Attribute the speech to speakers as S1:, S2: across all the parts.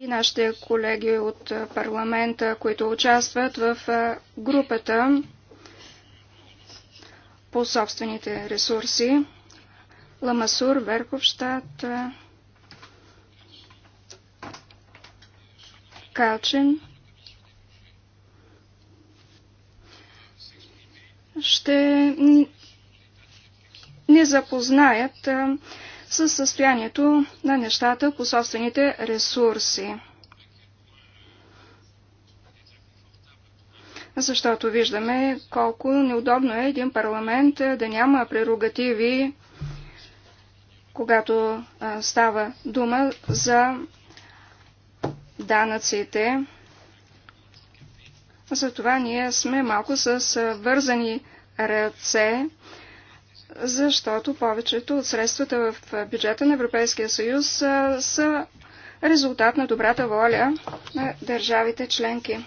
S1: и нашите колеги от парламента, които участват в групата по собствените ресурси. Ламасур, Верховщад, Калчин. Ще ни запознаят с състоянието на нещата по собствените ресурси. Защото виждаме колко неудобно е един парламент е, да няма прерогативи, когато става дума за данъците. Затова ние сме малко с вързани ръце защото повечето от средствата в бюджета на Европейския съюз са резултат на добрата воля на държавите членки.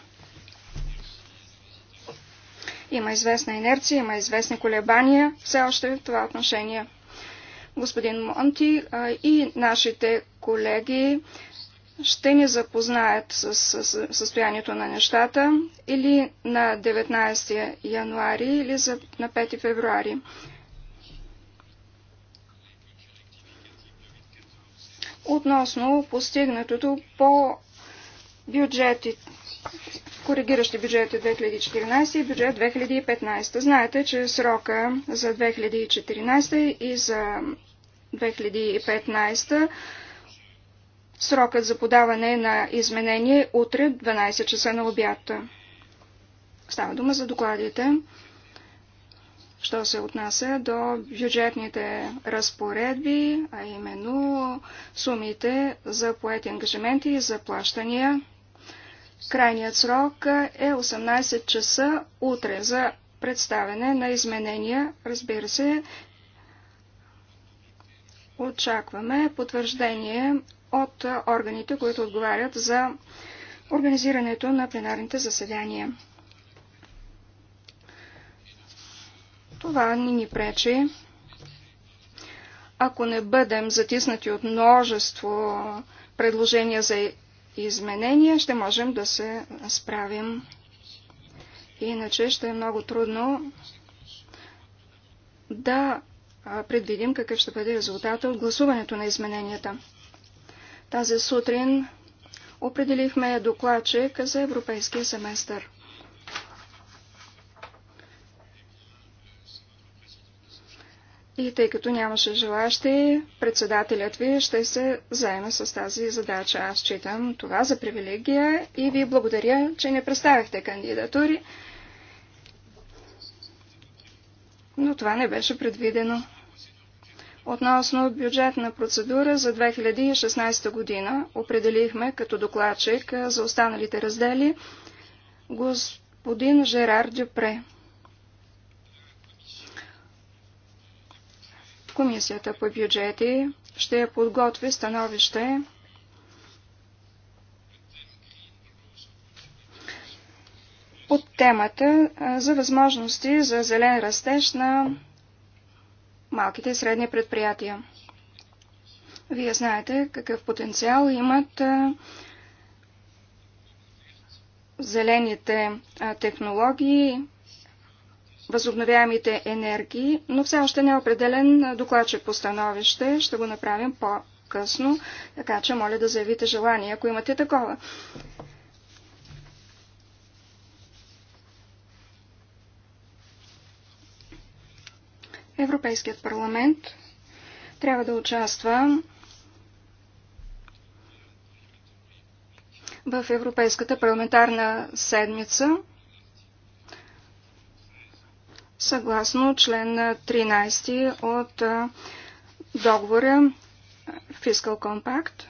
S1: Има известна инерция, има известни колебания все още в това отношение. Господин Монти и нашите колеги ще ни запознаят с състоянието на нещата или на 19 януари или на 5 февруари. относно постигнатото по бюджети, коригиращи бюджети 2014 и бюджет 2015. Знаете, че срока за 2014 и за 2015 срокът за подаване на изменение е утре 12 часа на обяд. Става дума за докладите що се отнася до бюджетните разпоредби, а именно сумите за поети ангажименти и заплащания. Крайният срок е 18 часа утре за представяне на изменения. Разбира се, очакваме потвърждение от органите, които отговарят за организирането на пленарните заседания. Това ни ни пречи. Ако не бъдем затиснати от множество предложения за изменения, ще можем да се справим. Иначе ще е много трудно да предвидим какъв ще бъде резултата от гласуването на измененията. Тази сутрин определихме докладчик за европейския семестър. И тъй като нямаше желащи, председателят ви ще се заеме с тази задача. Аз читам това за привилегия и ви благодаря, че не представихте кандидатури. Но това не беше предвидено. Относно бюджетна процедура за 2016 година определихме като докладчик за останалите раздели господин Жерар Дюпре. Комисията по бюджети ще подготви становище под темата за възможности за зелен растеж на малките и средни предприятия. Вие знаете какъв потенциал имат зелените технологии, възобновяемите енергии, но все още не е определен докладчик по становище. Ще го направим по-късно, така че моля да заявите желание, ако имате такова. Европейският парламент трябва да участва в Европейската парламентарна седмица – съгласно член 13 от договора Fiscal Compact.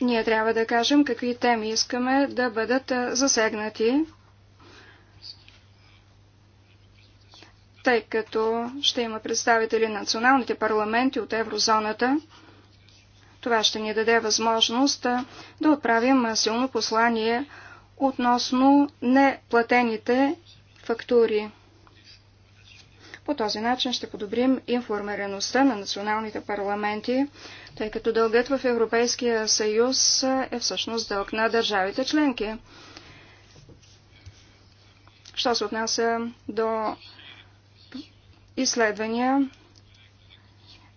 S1: Ние трябва да кажем какви теми искаме да бъдат засегнати, тъй като ще има представители на националните парламенти от еврозоната. Това ще ни даде възможност да отправим силно послание относно неплатените фактури. По този начин ще подобрим информираността на националните парламенти, тъй като дългът в Европейския съюз е всъщност дълг на държавите членки. Що се отнася до изследвания,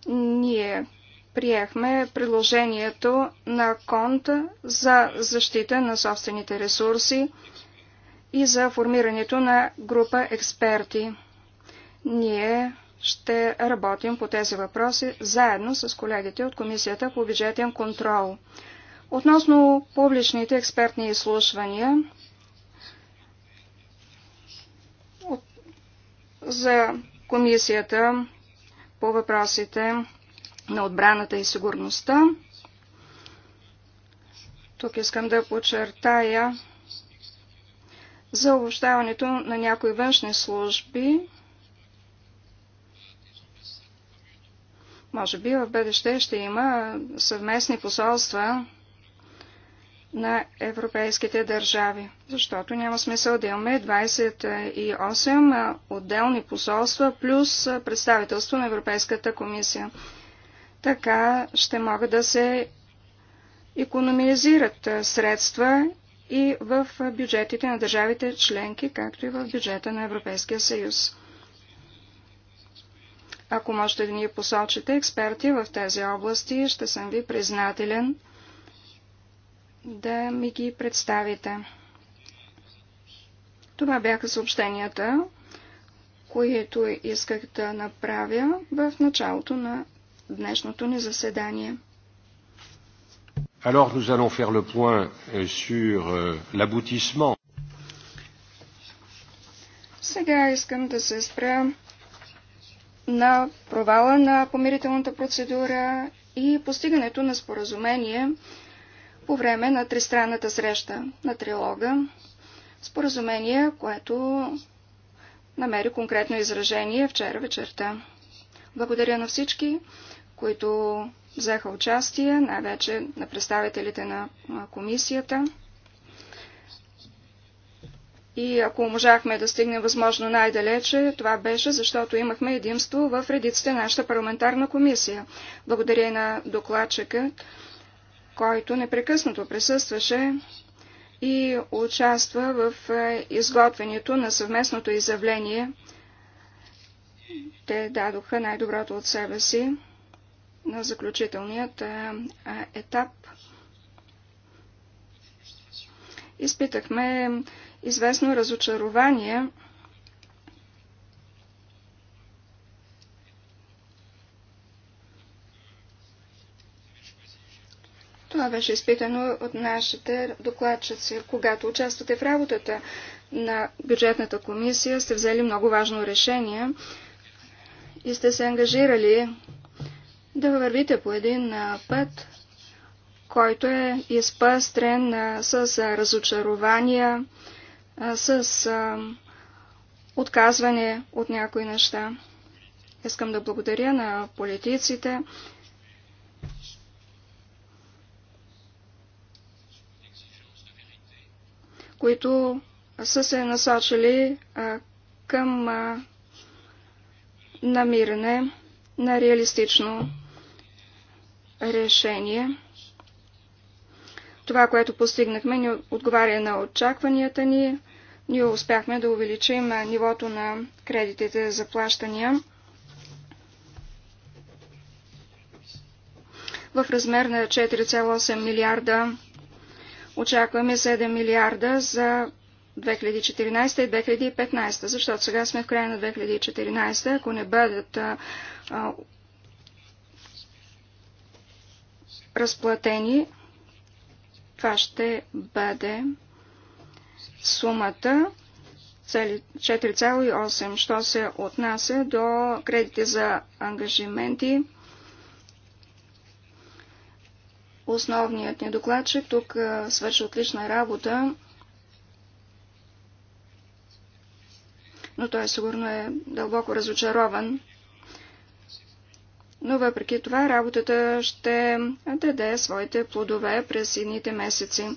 S1: ние приехме предложението на КОНТ за защита на собствените ресурси и за формирането на група експерти. Ние ще работим по тези въпроси заедно с колегите от Комисията по бюджетен контрол. Относно публичните експертни изслушвания за Комисията по въпросите на отбраната и сигурността. Тук искам да подчертая за обобщаването на някои външни служби. Може би в бъдеще ще има съвместни посолства на европейските държави, защото няма смисъл да имаме 28 отделни посолства плюс представителство на Европейската комисия. Така ще могат да се економизират средства и в бюджетите на държавите членки, както и в бюджета на Европейския съюз. Ако можете да ни посочите експерти в тези области, ще съм ви признателен да ми ги представите. Това бяха съобщенията, които исках да направя в началото на днешното ни заседание.
S2: Alors nous allons faire le point euh, sur euh, l'aboutissement.
S1: Сега искам да се спра на провала на помирителната процедура и постигането на споразумение по време на тристранната среща на трилога. Споразумение, което намери конкретно изражение вчера вечерта. Благодаря на всички които взеха участие, най-вече на представителите на комисията. И ако можахме да стигнем възможно най-далече, това беше, защото имахме единство в редиците на нашата парламентарна комисия. Благодаря на докладчика, който непрекъснато присъстваше и участва в изготвянето на съвместното изявление. Те дадоха най-доброто от себе си на заключителният етап. Изпитахме известно разочарование Това беше изпитано от нашите докладчици. Когато участвате в работата на бюджетната комисия, сте взели много важно решение и сте се ангажирали да вървите по един път, който е изпъстрен с разочарования, с отказване от някои неща. Искам да благодаря на политиците, които са се насочили а, към а, намиране на реалистично решение. Това, което постигнахме, ни отговаря на очакванията ни. Ние успяхме да увеличим нивото на кредитите за плащания в размер на 4,8 милиарда. Очакваме 7 милиарда за 2014 и 2015, защото сега сме в края на 2014. Ако не бъдат а, разплатени, това ще бъде сумата 4,8, що се отнася до кредите за ангажименти. Основният ни докладчик тук свърши отлична работа, но той сигурно е дълбоко разочарован но въпреки това работата ще даде своите плодове през едните месеци.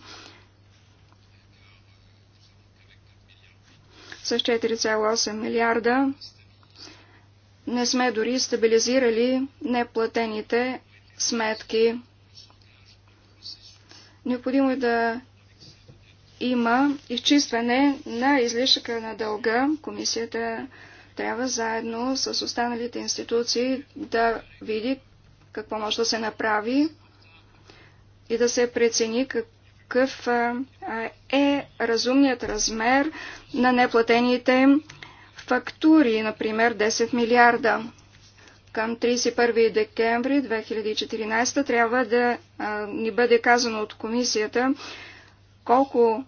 S1: С 4,8 милиарда не сме дори стабилизирали неплатените сметки. Необходимо е да има изчистване на излишъка на дълга. Комисията трябва заедно с останалите институции да види какво може да се направи и да се прецени какъв е разумният размер на неплатените фактури, например 10 милиарда. Към 31 декември 2014 трябва да ни бъде казано от комисията колко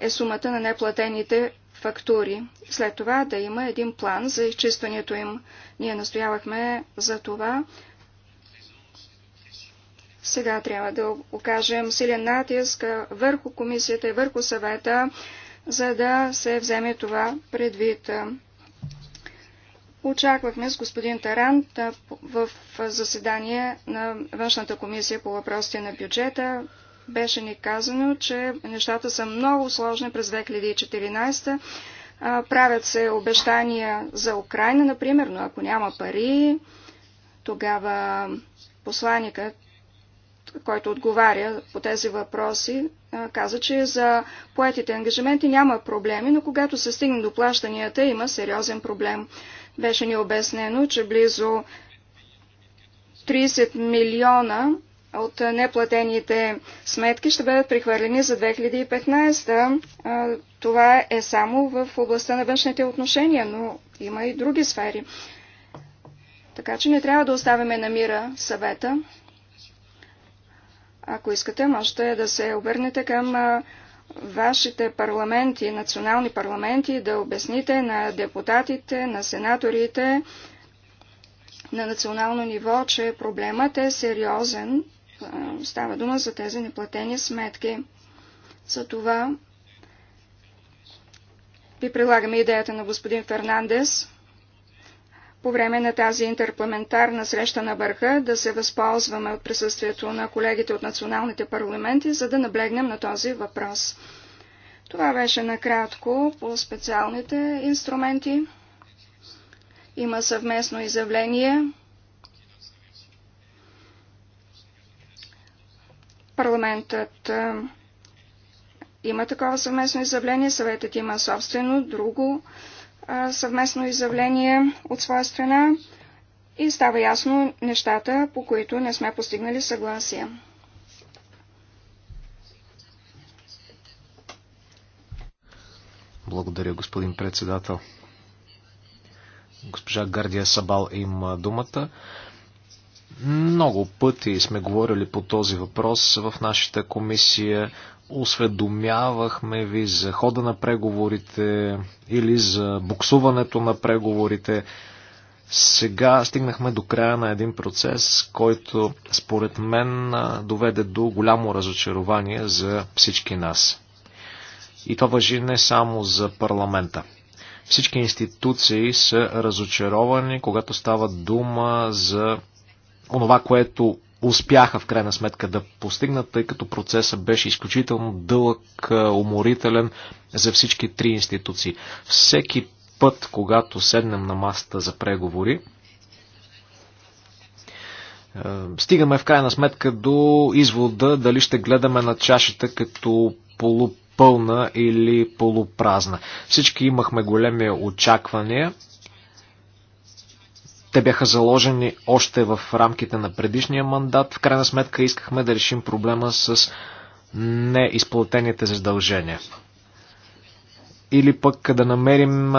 S1: е сумата на неплатените фактури. След това да има един план за изчистването им. Ние настоявахме за това. Сега трябва да окажем силен натиск върху комисията и върху съвета, за да се вземе това предвид. Очаквахме с господин Тарант в заседание на външната комисия по въпросите на бюджета беше ни казано, че нещата са много сложни през 2014. Правят се обещания за Украина, например, но ако няма пари, тогава посланникът, който отговаря по тези въпроси, каза, че за поетите ангажименти няма проблеми, но когато се стигне до плащанията, има сериозен проблем. Беше ни обяснено, че близо 30 милиона от неплатените сметки ще бъдат прехвърлени за 2015. Това е само в областта на външните отношения, но има и други сфери. Така че не трябва да оставяме на мира съвета. Ако искате, можете да се обърнете към вашите парламенти, национални парламенти, да обясните на депутатите, на сенаторите на национално ниво, че проблемът е сериозен Става дума за тези неплатени сметки. За това ви прилагаме идеята на господин Фернандес по време на тази интерпламентарна среща на върха да се възползваме от присъствието на колегите от националните парламенти, за да наблегнем на този въпрос. Това беше накратко по специалните инструменти. Има съвместно изявление Парламентът има такова съвместно изявление, съветът има собствено, друго съвместно изявление от своя страна и става ясно нещата, по които не сме постигнали съгласие.
S2: Благодаря, господин председател. Госпожа Гардия Сабал има думата. Много пъти сме говорили по този въпрос в нашата комисия. Осведомявахме ви за хода на преговорите или за буксуването на преговорите. Сега стигнахме до края на един процес, който според мен доведе до голямо разочарование за всички нас. И това въжи не само за парламента. Всички институции са разочаровани, когато става дума за онова, което успяха в крайна сметка да постигнат, тъй като процесът беше изключително дълъг, е, уморителен за всички три институции. Всеки път, когато седнем на масата за преговори, е, стигаме в крайна сметка до извода дали ще гледаме на чашата като полупълна или полупразна. Всички имахме големи очаквания – те бяха заложени още в рамките на предишния мандат. В крайна сметка искахме да решим проблема с неизплатените задължения. Или пък да намерим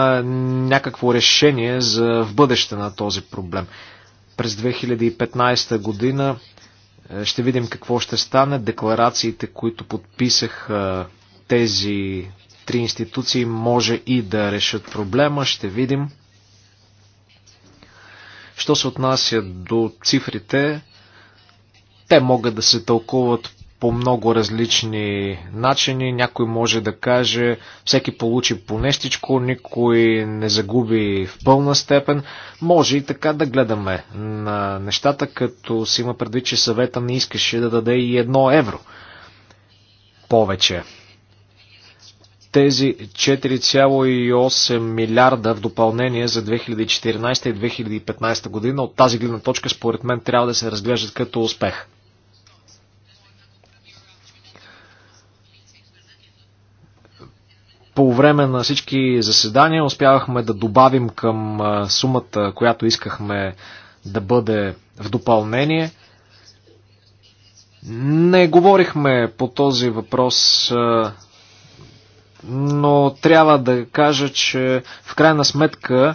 S2: някакво решение за в бъдеще на този проблем. През 2015 година ще видим какво ще стане. Декларациите, които подписах тези три институции, може и да решат проблема. Ще видим. Що се отнася до цифрите, те могат да се тълкуват по много различни начини. Някой може да каже, всеки получи по нещичко, никой не загуби в пълна степен. Може и така да гледаме на нещата, като си има предвид, че съвета не искаше да даде и едно евро повече тези 4,8 милиарда в допълнение за 2014 и 2015 година от тази гледна точка според мен трябва да се разглеждат като успех. По време на всички заседания успявахме да добавим към сумата, която искахме да бъде в допълнение. Не говорихме по този въпрос но трябва да кажа, че в крайна сметка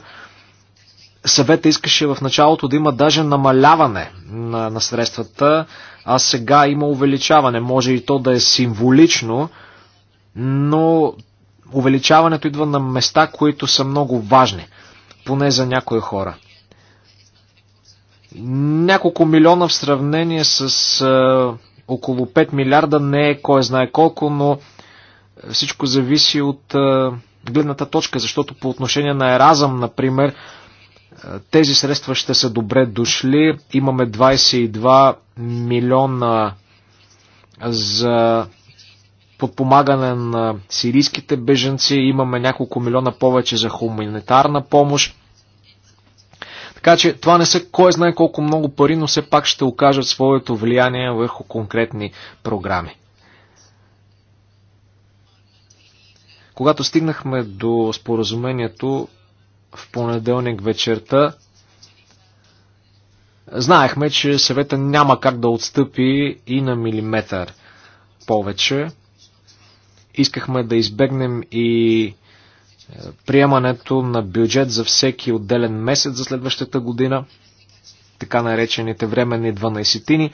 S2: съвета искаше в началото да има даже намаляване на, на средствата, а сега има увеличаване. Може и то да е символично, но увеличаването идва на места, които са много важни, поне за някои хора. Няколко милиона в сравнение с е, около 5 милиарда не е кой знае колко, но всичко зависи от гледната точка, защото по отношение на Еразъм, например, тези средства ще са добре дошли. Имаме 22 милиона за подпомагане на сирийските беженци, имаме няколко милиона повече за хуманитарна помощ. Така че това не са кой знае колко много пари, но все пак ще окажат своето влияние върху конкретни програми. Когато стигнахме до споразумението в понеделник вечерта, знаехме, че съвета няма как да отстъпи и на милиметър повече. Искахме да избегнем и е, приемането на бюджет за всеки отделен месец за следващата година, така наречените временни 12-тини.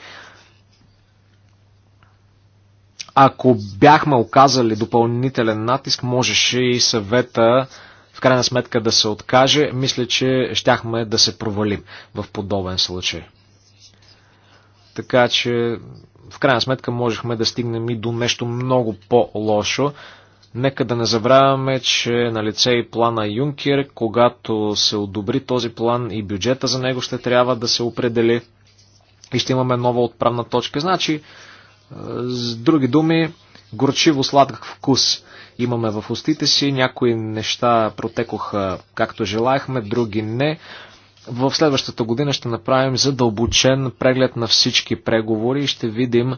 S2: Ако бяхме оказали допълнителен натиск, можеше и съвета в крайна сметка да се откаже. Мисля, че щяхме да се провалим в подобен случай. Така че в крайна сметка можехме да стигнем и до нещо много по-лошо. Нека да не забравяме, че е на лице и плана Юнкер, когато се одобри този план и бюджета за него ще трябва да се определи и ще имаме нова отправна точка. Значи, с други думи, горчиво сладък вкус имаме в устите си. Някои неща протекоха както желаяхме, други не. В следващата година ще направим задълбочен преглед на всички преговори и ще видим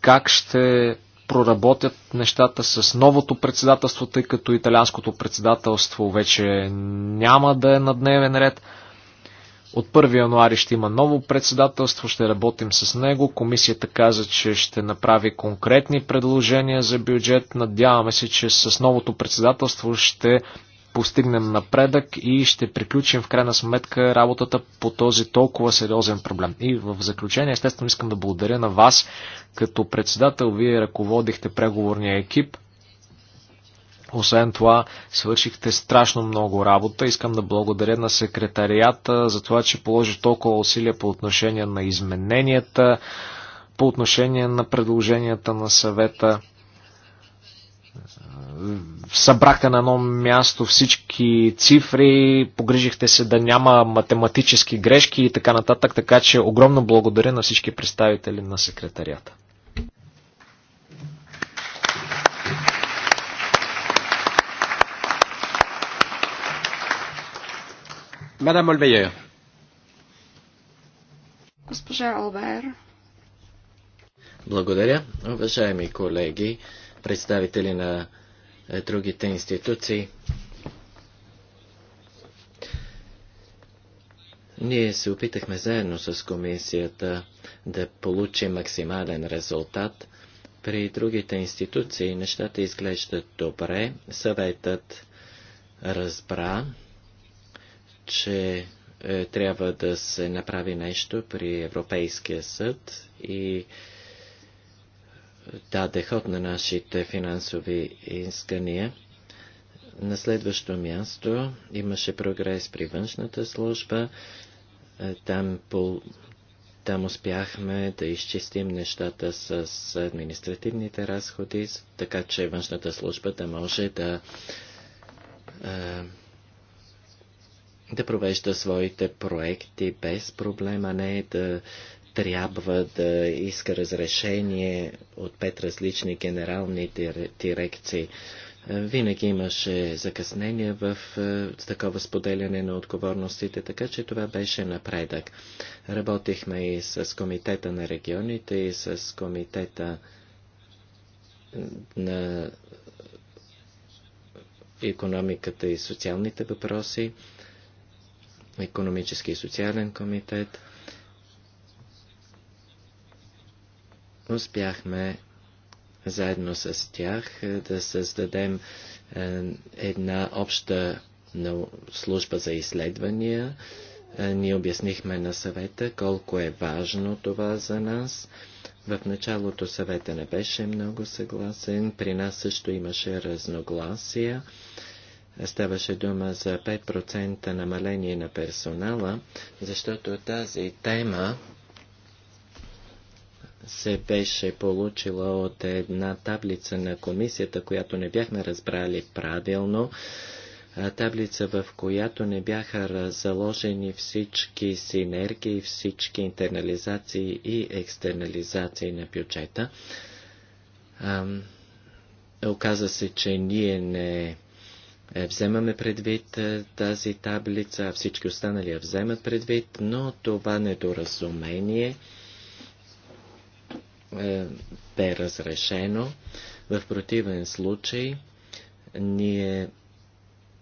S2: как ще проработят нещата с новото председателство, тъй като италианското председателство вече няма да е на дневен ред. От 1 януари ще има ново председателство, ще работим с него. Комисията каза, че ще направи конкретни предложения за бюджет. Надяваме се, че с новото председателство ще постигнем напредък и ще приключим в крайна сметка работата по този толкова сериозен проблем. И в заключение, естествено, искам да благодаря на вас като председател. Вие ръководихте преговорния екип. Освен това, свършихте страшно много работа. Искам да благодаря на секретарията за това, че положи толкова усилия по отношение на измененията, по отношение на предложенията на съвета. Събрахте на едно място всички цифри, погрижихте се да няма математически грешки и така нататък, така че огромно благодаря на всички представители на секретарията.
S3: Мадам Олбейер.
S1: Госпожа Олбейер.
S3: Благодаря. Уважаеми колеги, представители на е, другите институции, Ние се опитахме заедно с комисията да получим максимален резултат. При другите институции нещата изглеждат добре. Съветът разбра че е, трябва да се направи нещо при Европейския съд и даде ход на нашите финансови искания. На следващо място имаше прогрес при външната служба. Е, там, по, там успяхме да изчистим нещата с административните разходи, така че външната служба да може да е, да провежда своите проекти без проблема, не да трябва да иска разрешение от пет различни генерални дирекции. Е, винаги имаше закъснения в е, такова споделяне на отговорностите, така че това беше напредък. Работихме и с Комитета на регионите, и с Комитета на економиката и социалните въпроси економически и социален комитет, успяхме заедно с тях е, да създадем е, една обща служба за изследвания. Е, ни обяснихме на съвета колко е важно това за нас. В началото съвета не беше много съгласен. При нас също имаше разногласия. Ставаше дума за 5% намаление на персонала, защото тази тема се беше получила от една таблица на комисията, която не бяхме разбрали правилно. Таблица, в която не бяха заложени всички синергии, всички интернализации и екстернализации на бюджета. Оказа се, че ние не е, вземаме предвид е, тази таблица, всички останали я вземат предвид, но това недоразумение е, бе разрешено. В противен случай ние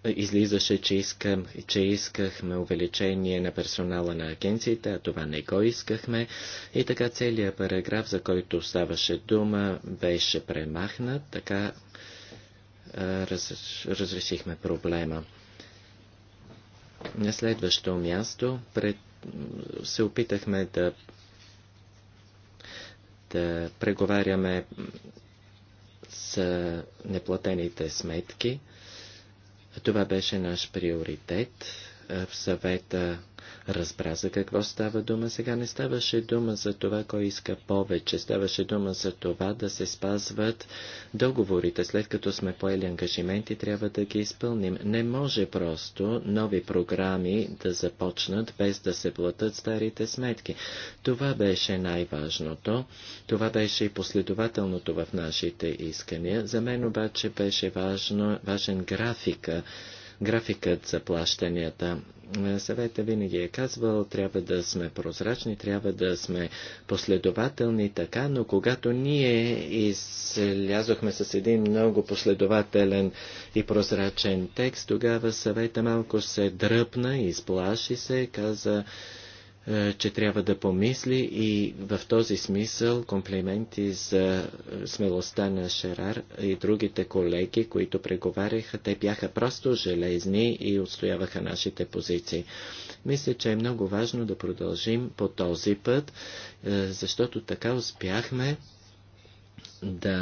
S3: излизаше, че, искам, че искахме увеличение на персонала на агенциите, а това не го искахме. И така целият параграф, за който ставаше дума, беше премахнат, така е, раз, разрешихме проблема. На следващо място пред, се опитахме да, да преговаряме с неплатените сметки. Това беше наш приоритет в съвета разбра за какво става дума. Сега не ставаше дума за това, кой иска повече. Ставаше дума за това да се спазват договорите. След като сме поели ангажименти, трябва да ги изпълним. Не може просто нови програми да започнат без да се платят старите сметки. Това беше най-важното. Това беше и последователното в нашите искания. За мен обаче беше важно, важен графика графикът за плащанията. Е, съвета винаги е казвал, трябва да сме прозрачни, трябва да сме последователни, така, но когато ние излязохме с един много последователен и прозрачен текст, тогава съвета малко се дръпна, изплаши се, каза, е, че трябва да помисли и в този смисъл комплименти за е, смелостта на Шерар и другите колеги, които преговаряха. Те бяха просто железни и отстояваха нашите позиции. Мисля, че е много важно да продължим по този път, е, защото така успяхме да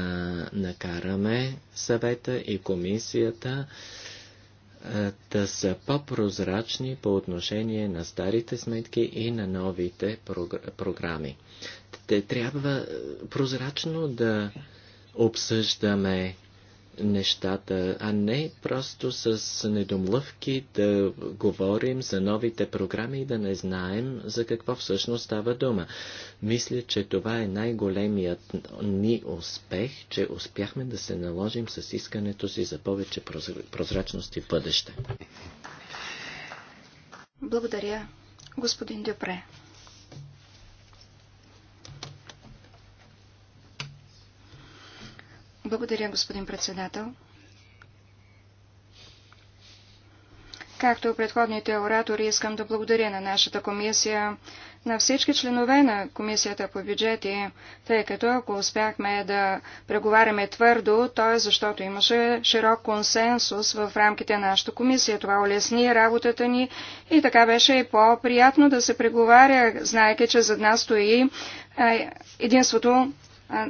S3: накараме съвета и комисията да са по-прозрачни по отношение на старите сметки и на новите програми. Те трябва прозрачно да обсъждаме нещата, а не просто с недомлъвки да говорим за новите програми и да не знаем за какво всъщност става дума. Мисля, че това е най-големият ни успех, че успяхме да се наложим с искането си за повече прозрачности в бъдеще.
S1: Благодаря, господин Дюпре. Благодаря, господин председател. Както предходните оратори, искам да благодаря на нашата комисия, на всички членове на комисията по бюджети, тъй като ако успяхме да преговаряме твърдо, то е защото имаше широк консенсус в рамките на нашата комисия. Това улесни работата ни и така беше и по-приятно да се преговаря, знаеки, че зад нас стои единството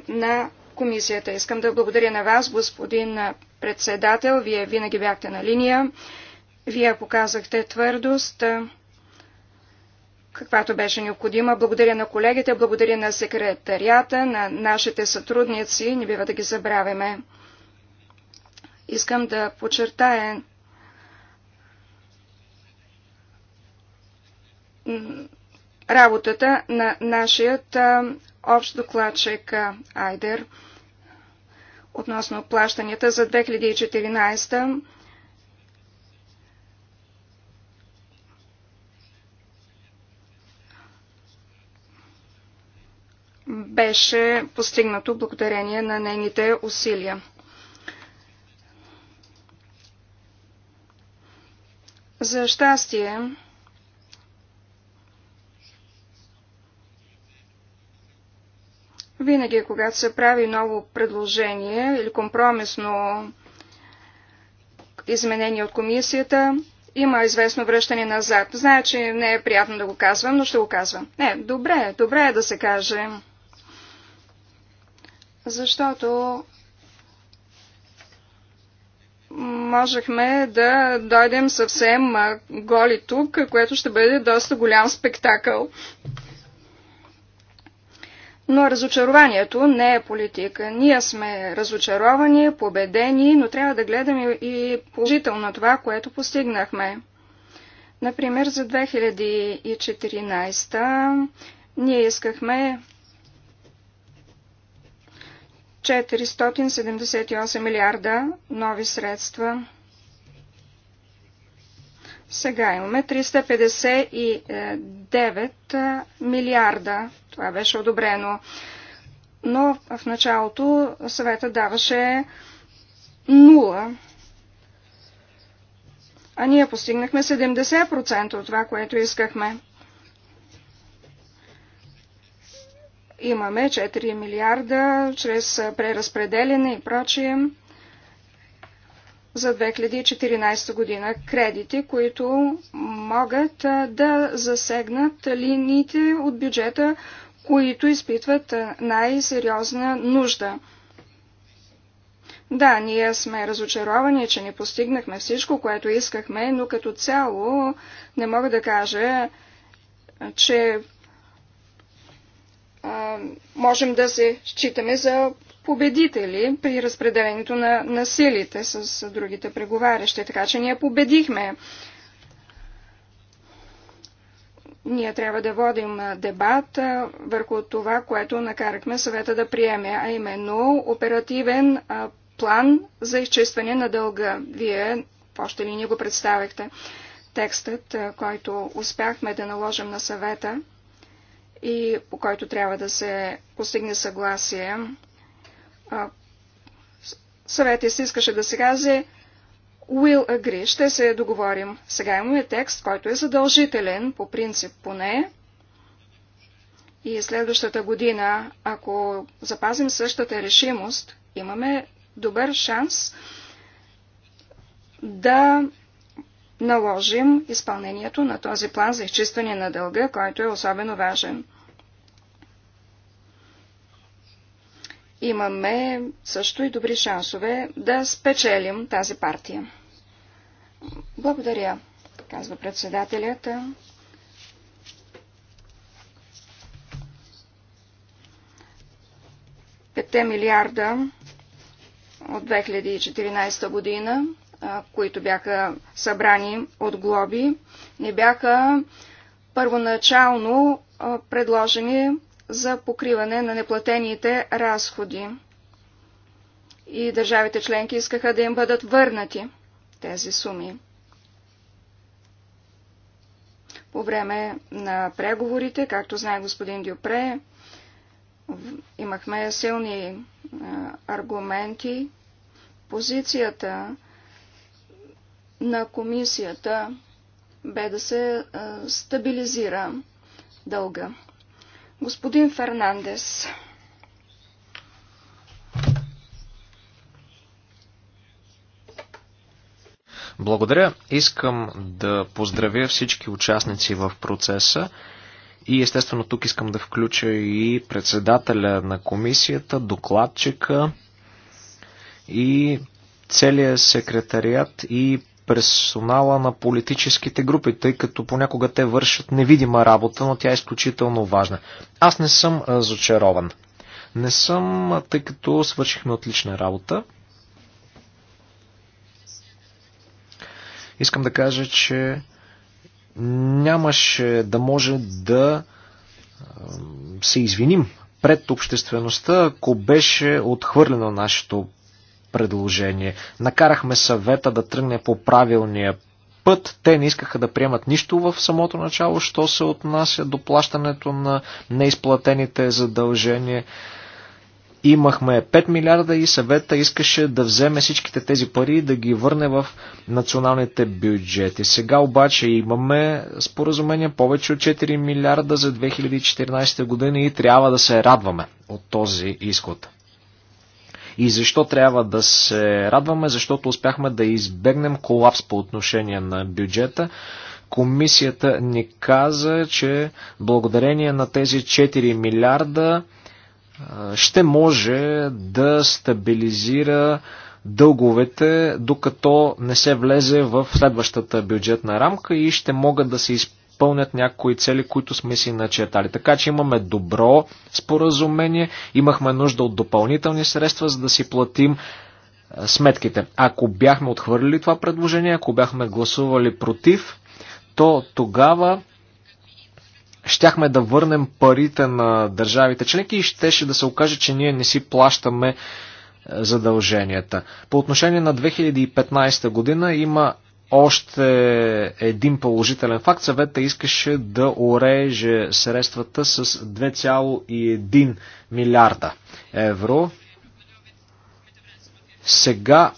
S1: на комисията. Искам да благодаря на вас, господин председател. Вие винаги бяхте на линия. Вие показахте твърдост, каквато беше необходима. Благодаря на колегите, благодаря на секретарията, на нашите сътрудници. Не бива да ги забравяме. Искам да подчертая работата на нашият общ докладчик Айдер относно плащанията за 2014 беше постигнато благодарение на нейните усилия. За щастие, Винаги, когато се прави ново предложение или компромисно изменение от комисията, има известно връщане назад. Знае, че не е приятно да го казвам, но ще го казвам. Не, добре, добре е да се каже. Защото можехме да дойдем съвсем голи тук, което ще бъде доста голям спектакъл. Но разочарованието не е политика. Ние сме разочаровани, победени, но трябва да гледаме и положително това, което постигнахме. Например, за 2014 ние искахме 478 милиарда нови средства. Сега имаме 359 милиарда това беше одобрено. Но в началото съвета даваше нула. А ние постигнахме 70% от това, което искахме. Имаме 4 милиарда чрез преразпределение и прочие за 2014 година кредити, които могат да засегнат линиите от бюджета, които изпитват най-сериозна нужда. Да, ние сме разочаровани, че не постигнахме всичко, което искахме, но като цяло не мога да кажа, че а, можем да се считаме за победители при разпределението на, на силите с другите преговарящи. Така че ние победихме. Ние трябва да водим дебат върху това, което накарахме съвета да приеме, а именно оперативен план за изчистване на дълга. Вие още ли ни го представихте. Текстът, който успяхме да наложим на съвета и по който трябва да се постигне съгласие, съвет и се искаше да се казе will agree, ще се договорим. Сега имаме текст, който е задължителен, по принцип поне. И следващата година, ако запазим същата решимост, имаме добър шанс да наложим изпълнението на този план за изчистване на дълга, който е особено важен. имаме също и добри шансове да спечелим тази партия. Благодаря, казва председателят. Петте милиарда от 2014 година, които бяха събрани от глоби, не бяха първоначално предложени за покриване на неплатените разходи. И държавите членки искаха да им бъдат върнати тези суми. По време на преговорите, както знае господин Дюпре, имахме силни аргументи. Позицията на комисията бе да се стабилизира дълга. Господин Фернандес.
S2: Благодаря. Искам да поздравя всички участници в процеса и естествено тук искам да включа и председателя на комисията, докладчика и целият секретариат и персонала на политическите групи, тъй като понякога те вършат невидима работа, но тя е изключително важна. Аз не съм разочарован. Не съм, тъй като свършихме отлична работа. Искам да кажа, че нямаше да може да се извиним пред обществеността, ако беше отхвърлено нашето предложение. Накарахме съвета да тръгне по правилния път. Те не искаха да приемат нищо в самото начало, що се отнася до плащането на неизплатените задължения. Имахме 5 милиарда и съвета искаше да вземе всичките тези пари и да ги върне в националните бюджети. Сега обаче имаме споразумение повече от 4 милиарда за 2014 година и трябва да се радваме от този изход. И защо трябва да се радваме? Защото успяхме да избегнем колапс по отношение на бюджета. Комисията ни каза, че благодарение на тези 4 милиарда ще може да стабилизира дълговете, докато не се влезе в следващата бюджетна рамка и ще могат да се използват изпълнят някои цели, които сме си начертали. Така че имаме добро споразумение, имахме нужда от допълнителни средства, за да си платим сметките. Ако бяхме отхвърлили това предложение, ако бяхме гласували против, то тогава щяхме да върнем парите на държавите членки и щеше да се окаже, че ние не си плащаме задълженията. По отношение на 2015 година има още един положителен факт, съвета искаше да ореже средствата с 2,1 милиарда евро. Сега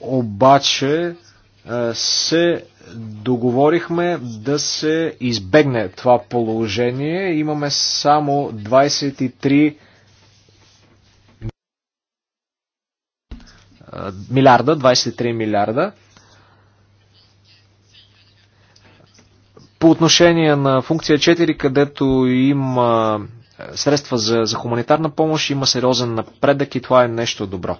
S2: обаче е, се договорихме да се избегне това положение. Имаме само 23 е, милиарда, 23 милиарда. По отношение на функция 4, където има е, средства за, за хуманитарна помощ, има сериозен напредък и това е нещо добро.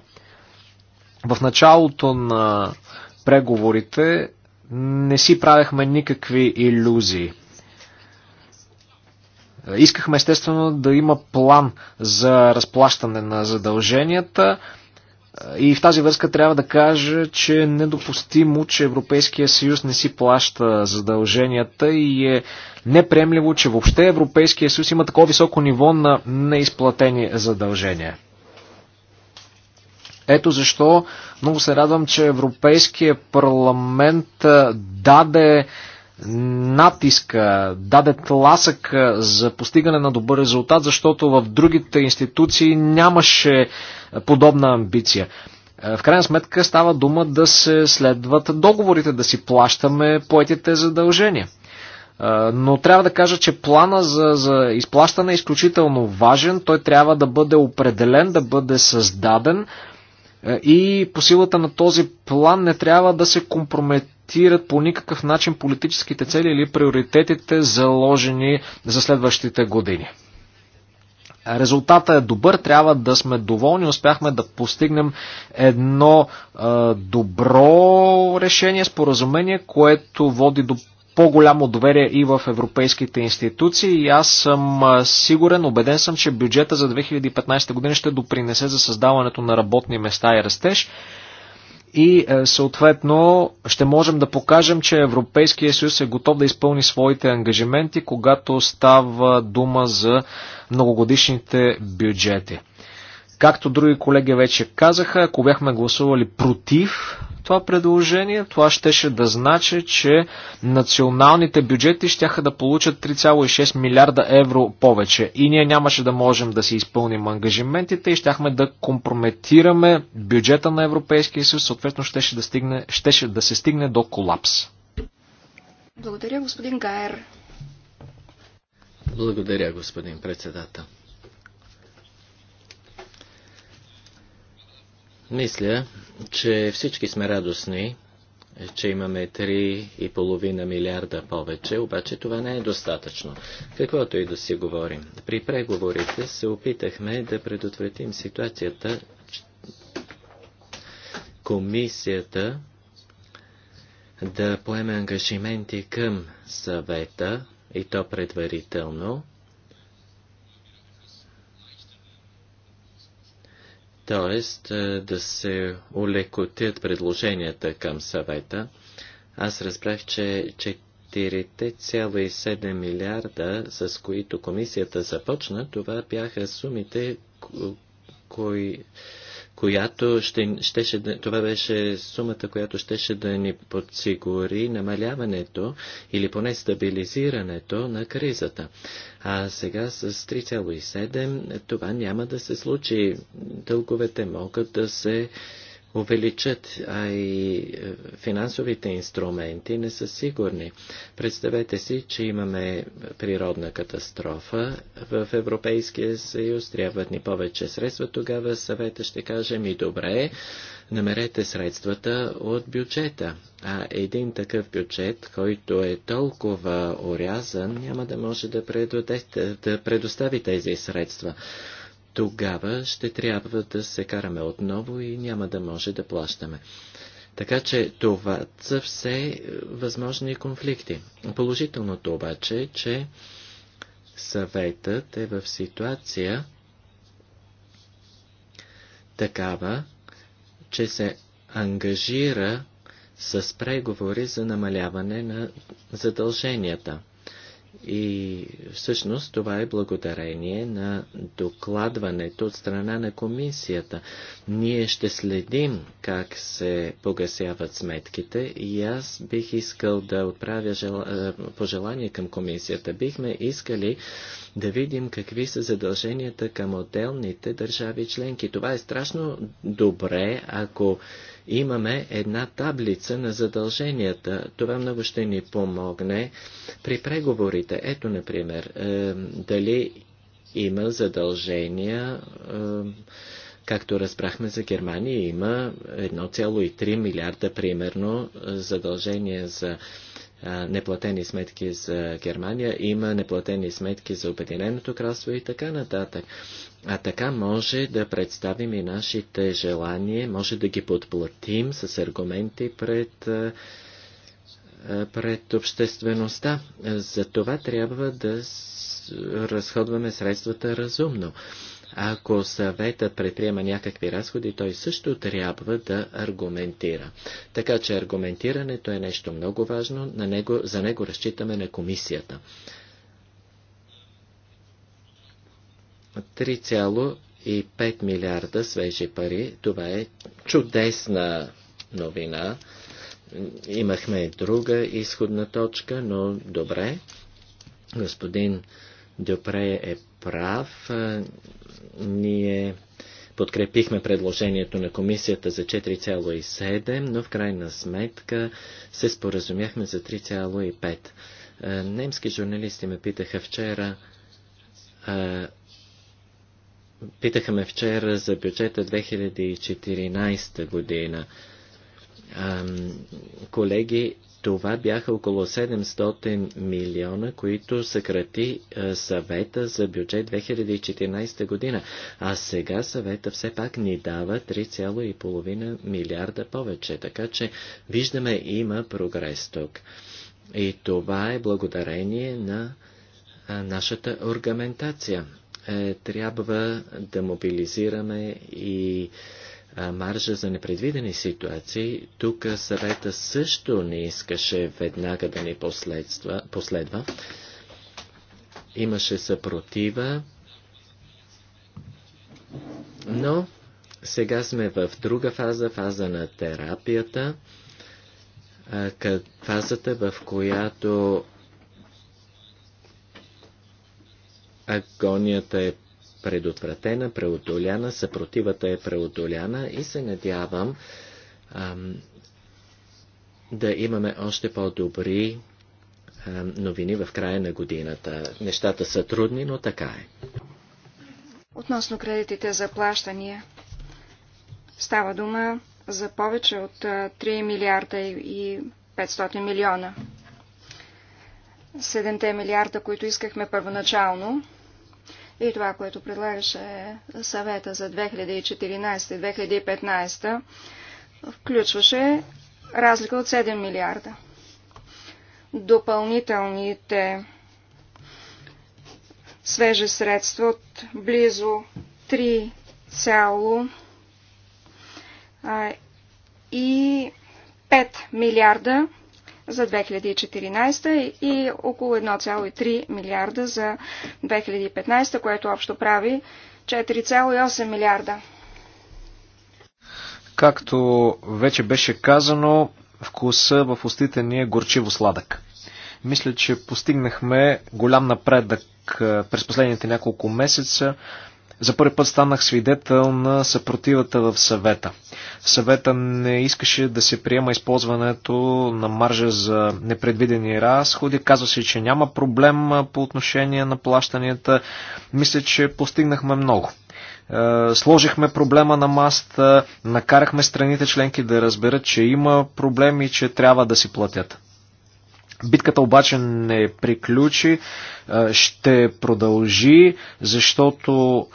S2: В началото на преговорите не си правехме никакви иллюзии. Искахме естествено да има план за разплащане на задълженията. И в тази връзка трябва да кажа, че е недопустимо, че Европейския съюз не си плаща задълженията и е неприемливо, че въобще Европейския съюз има такова високо ниво на неизплатени задължения. Ето защо много се радвам, че Европейския парламент даде натиска, даде тласък за постигане на добър резултат, защото в другите институции нямаше подобна амбиция. В крайна сметка става дума да се следват договорите, да си плащаме поетите задължения. Но трябва да кажа, че плана за, за изплащане е изключително важен. Той трябва да бъде определен, да бъде създаден и по силата на този план не трябва да се компрометира гарантират по никакъв начин политическите цели или приоритетите заложени за следващите години. Резултата е добър, трябва да сме доволни. Успяхме да постигнем едно е, добро решение, споразумение, което води до по-голямо доверие и в европейските институции и аз съм сигурен, убеден съм, че бюджета за 2015 година ще допринесе за създаването на работни места и растеж и е, съответно ще можем да покажем, че Европейския съюз е готов да изпълни своите ангажименти, когато става дума за многогодишните бюджети. Както други колеги вече казаха, ако бяхме гласували против това предложение, това щеше да значи, че националните бюджети ще да получат 3,6 милиарда евро повече. И ние нямаше да можем да си изпълним ангажиментите и щяхме да компрометираме бюджета на Европейския съюз, съответно щеше да, стигне, щеше да се стигне до колапс.
S1: Благодаря, господин Гайер.
S2: Благодаря,
S3: господин председател. Мисля, че всички сме радостни, че имаме 3,5 милиарда повече, обаче това не е достатъчно. Каквото и да си говорим. При преговорите се опитахме да предотвратим ситуацията, комисията да поеме ангажименти към съвета и то предварително, Т.е. да се улекотят предложенията към съвета. Аз разбрах, че 4,7 милиарда, с които комисията започна, това бяха сумите, кои, която ще, щеше да, това беше сумата, която щеше да ни подсигури намаляването или поне стабилизирането на кризата. А сега с 3,7 това няма да се случи. Дълговете могат да се увеличат, а и е, финансовите инструменти не са сигурни. Представете си, че имаме природна катастрофа в Европейския съюз, трябват ни повече средства, тогава съвета ще каже: и добре, намерете средствата от бюджета. А един такъв бюджет, който е толкова орязан, няма да може да, предостави тези средства тогава ще трябва да се караме отново и няма да може да плащаме. Така че това са все е, възможни конфликти. Положителното обаче е, че съветът е в ситуация такава, че се ангажира с преговори за намаляване на задълженията – и всъщност това е благодарение на докладването от страна на комисията. Ние ще следим как се погасяват сметките и аз бих искал да отправя жел... Е, пожелание към комисията. Бихме искали да видим какви са задълженията към отделните държави членки. Това е страшно добре, ако имаме една таблица на задълженията. Това много ще ни помогне при преговорите. Ето, например, е, дали има задължения, е, както разбрахме за Германия, има 1,3 милиарда примерно задължения за е, неплатени сметки за Германия, има неплатени сметки за Обединеното кралство и така нататък. А така може да представим и нашите желания, може да ги подплатим с аргументи пред, пред обществеността. За това трябва да разходваме средствата разумно. Ако съветът предприема някакви разходи, той също трябва да аргументира. Така че аргументирането е нещо много важно, на него, за него разчитаме на комисията. 3,5 милиарда свежи пари. Това е чудесна новина. Имахме друга изходна точка, но добре. Господин Дюпре е прав. Ние подкрепихме предложението на комисията за 4,7, но в крайна сметка се споразумяхме за 3,5. Немски журналисти ме питаха вчера Питахаме вчера за бюджета 2014 година. Ам, колеги, това бяха около 700 милиона, които съкрати съвета за бюджет 2014 година. А сега съвета все пак ни дава 3,5 милиарда повече. Така че виждаме има прогрес тук. И това е благодарение на а, нашата аргументация е, трябва да мобилизираме и маржа за непредвидени ситуации. Тук съвета също не искаше веднага да ни последва. последва. Имаше съпротива, но сега сме в друга фаза, фаза на терапията, фазата в която агонията е предотвратена, преодоляна, съпротивата е преодоляна и се надявам ам, да имаме още по-добри новини в края на годината. Нещата са трудни, но така е.
S1: Относно кредитите за плащания, става дума за повече от 3 милиарда и 500 милиона. 7 милиарда, които искахме първоначално, и това, което предлагаше съвета за 2014-2015, включваше разлика от 7 милиарда. Допълнителните свежи средства от близо 3, и 5 милиарда за 2014 и около 1,3 милиарда за 2015, което общо прави 4,8 милиарда.
S2: Както вече беше казано, вкуса в устите ни е горчиво сладък. Мисля, че постигнахме голям напредък през последните няколко месеца. За първи път станах свидетел на съпротивата в съвета. Съвета не искаше да се приема използването на маржа за непредвидени разходи. Казва се, че няма проблем по отношение на плащанията. Мисля, че постигнахме много е, сложихме проблема на маста, накарахме страните членки да разберат, че има проблеми и че трябва да си платят. Битката обаче не приключи, ще продължи, защото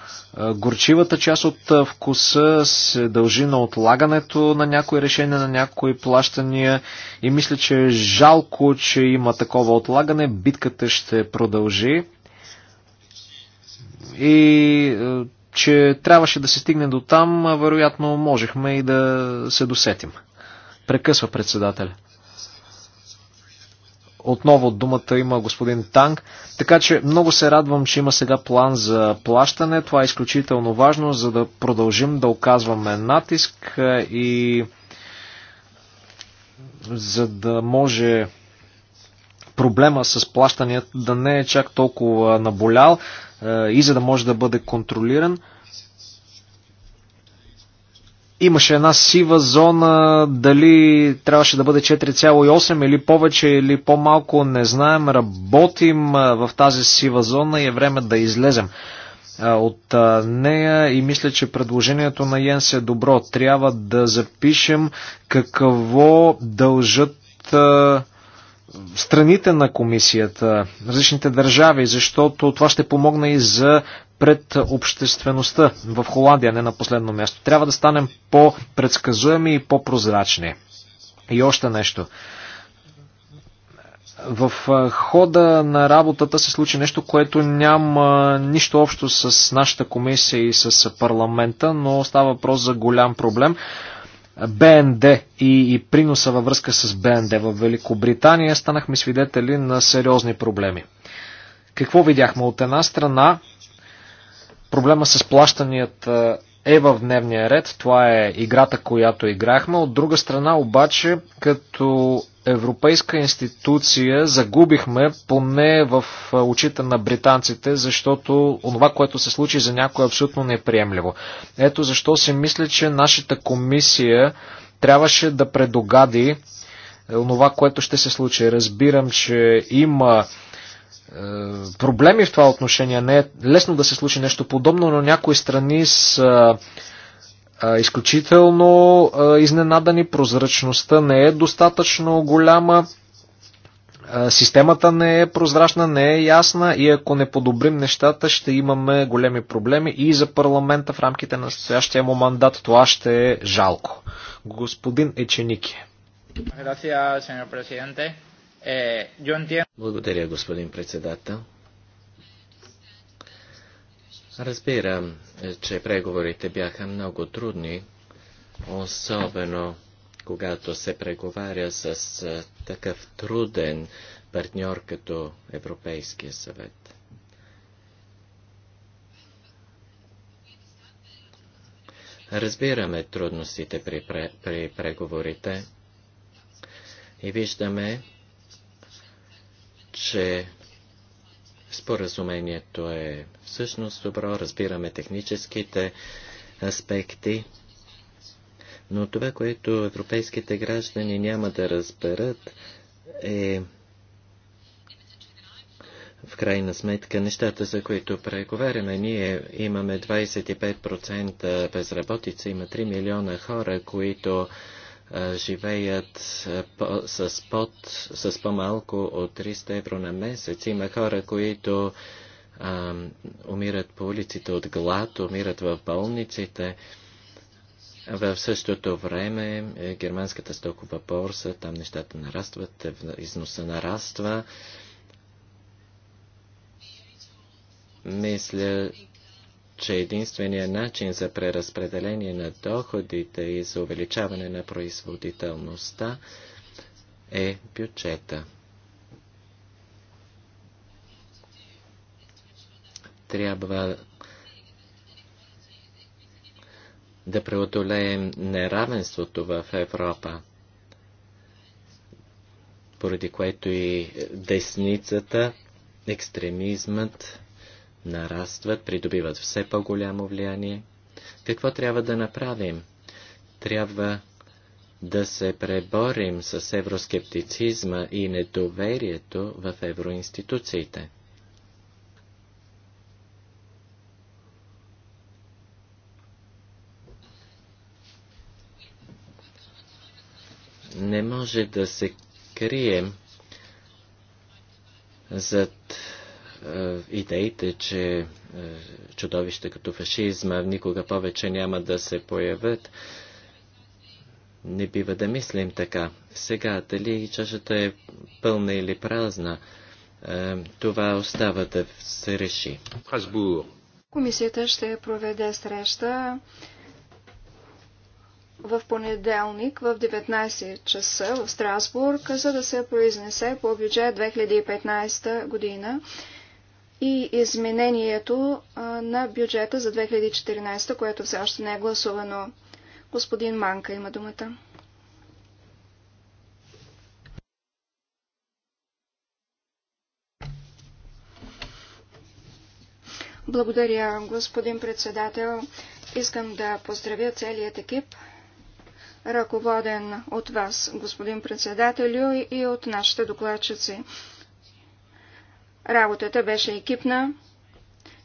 S2: горчивата част от вкуса се дължи на отлагането на някои решения, на някои плащания и мисля, че е жалко, че има такова отлагане. Битката ще продължи и че трябваше да се стигне до там, вероятно можехме и да се досетим. Прекъсва председателя. Отново думата има господин Танг. Така че много се радвам, че има сега план за плащане. Това е изключително важно, за да продължим да оказваме натиск е, и за да може проблема с плащанията да не е чак толкова наболял е, и за да може да бъде контролиран. Имаше една сива зона, дали трябваше да бъде 4,8 или повече или по-малко, не знаем. Работим в тази сива зона и е време да излезем от нея и мисля, че предложението на Йенс е добро. Трябва да запишем какво дължат страните на комисията, различните държави, защото това ще помогне и за пред обществеността в Холандия, не на последно място. Трябва да станем по-предсказуеми и по-прозрачни. И още нещо. В хода на работата се случи нещо, което няма нищо общо с нашата комисия и с парламента, но става въпрос за голям проблем. БНД и, и приноса във връзка с БНД в Великобритания станахме свидетели на сериозни проблеми. Какво видяхме? От една страна Проблема с плащанията е, е в дневния ред. Това е играта, която играхме. От друга страна обаче, като европейска институция загубихме поне в е, очите на британците, защото онова, което се случи за някой е абсолютно неприемливо. Ето защо си мисля, че нашата комисия трябваше да предогади е, онова, което ще се случи. Разбирам, че има е, проблеми в това отношение. Не е лесно да се случи нещо подобно, но някои страни са е, изключително е, изненадани, прозрачността не е достатъчно голяма, системата не е прозрачна, не е ясна и ако не подобрим нещата, ще имаме големи проблеми и за парламента в рамките на настоящия му мандат. Това ще е жалко. Господин Еченики.
S3: Благодаря, господин президент. Eh,
S2: Благодаря, господин председател.
S3: Разбирам, че преговорите бяха много трудни, особено когато се преговаря с такъв труден партньор като Европейския съвет. Разбираме трудностите при, при преговорите и виждаме, че споразумението е всъщност добро, разбираме техническите аспекти, но това, което европейските граждани няма да разберат, е в крайна сметка нещата, за които преговаряме. Ние имаме 25% безработица, има 3 милиона хора, които е, живеят е, с, под, с по-малко от 300 евро на месец. Има хора, които а, умират по улиците от глад, умират в болниците. В същото време е, германската стокова борса, там нещата нарастват, износа нараства. Мисля, че единственият начин за преразпределение на доходите и за увеличаване на производителността е бюджета. Трябва да преодолеем неравенството в Европа, поради което и десницата, екстремизмът нарастват, придобиват все по-голямо влияние. Какво трябва да направим? Трябва да се преборим с евроскептицизма и недоверието в евроинституциите. Не може да се крием зад е, идеите, че е, чудовища като фашизма никога повече няма да се появят. Не бива да мислим така. Сега, дали чашата е пълна или празна, е, това остава да се реши.
S1: Комисията ще проведе среща в понеделник в 19 часа в Страсбург, за да се произнесе по бюджет 2015 година и изменението на бюджета за 2014, което все още не е гласувано. Господин Манка има думата. Благодаря, господин председател. Искам да поздравя целият екип, ръководен от вас, господин председателю, и от нашите докладчици. Работата беше екипна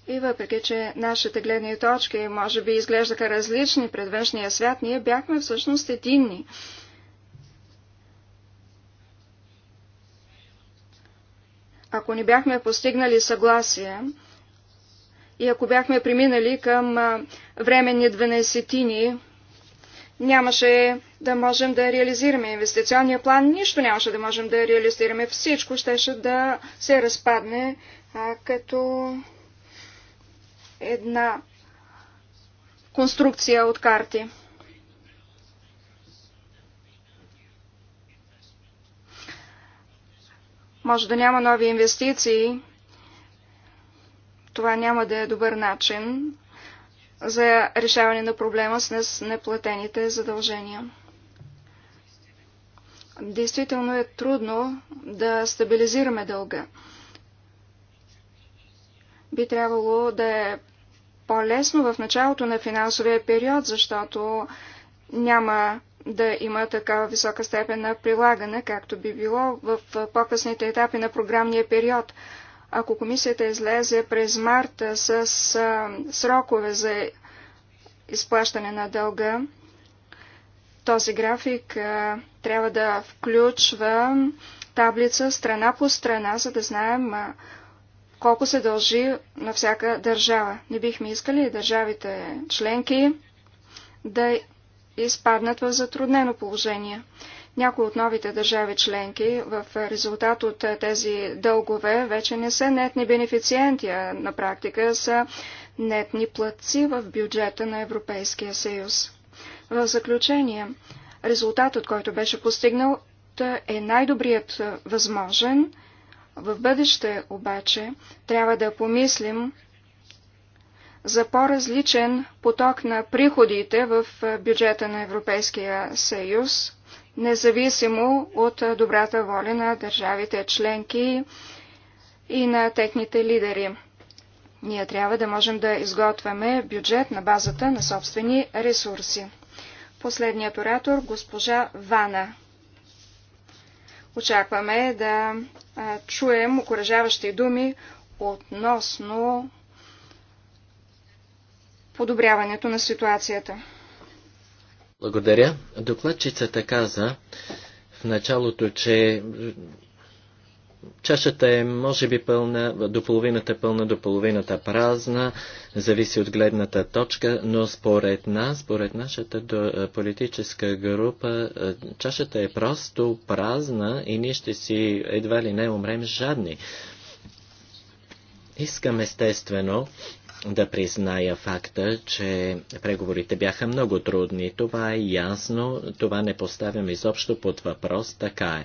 S1: и въпреки, че нашите гледни точки може би изглеждаха различни пред външния свят, ние бяхме всъщност единни. Ако не бяхме постигнали съгласие и ако бяхме преминали към временни дванайсетини, нямаше да можем да реализираме инвестиционния план, нищо нямаше да можем да реализираме. Всичко щеше да се разпадне а, като една конструкция от карти. Може да няма нови инвестиции. Това няма да е добър начин за решаване на проблема с неплатените задължения. Действително е трудно да стабилизираме дълга. Би трябвало да е по-лесно в началото на финансовия период, защото няма да има такава висока степен на прилагане, както би било в по-късните етапи на програмния период ако комисията излезе през марта с срокове за изплащане на дълга, този график а, трябва да включва таблица страна по страна, за да знаем а, колко се дължи на всяка държава. Не бихме искали държавите членки да изпаднат в затруднено положение. Някои от новите държави членки в резултат от тези дългове вече не са нетни бенефициенти, а на практика са нетни платци в бюджета на Европейския съюз. В заключение, резултатът, който беше постигнал, е най-добрият възможен. В бъдеще обаче трябва да помислим за по-различен поток на приходите в бюджета на Европейския съюз, независимо от добрата воля на държавите членки и на техните лидери. Ние трябва да можем да изготвяме бюджет на базата на собствени ресурси. Последният оратор, госпожа Вана. Очакваме да чуем окоръжаващи думи относно подобряването на ситуацията.
S3: Благодаря. Докладчицата каза в началото, че чашата е може би пълна, до половината е пълна, до половината празна, зависи от гледната точка, но според нас, според нашата е, политическа група, е, чашата е просто празна и ние ще си едва ли не умрем жадни. Искам естествено да призная факта, че преговорите бяха много трудни. Това е ясно, това не поставям изобщо под въпрос, така е.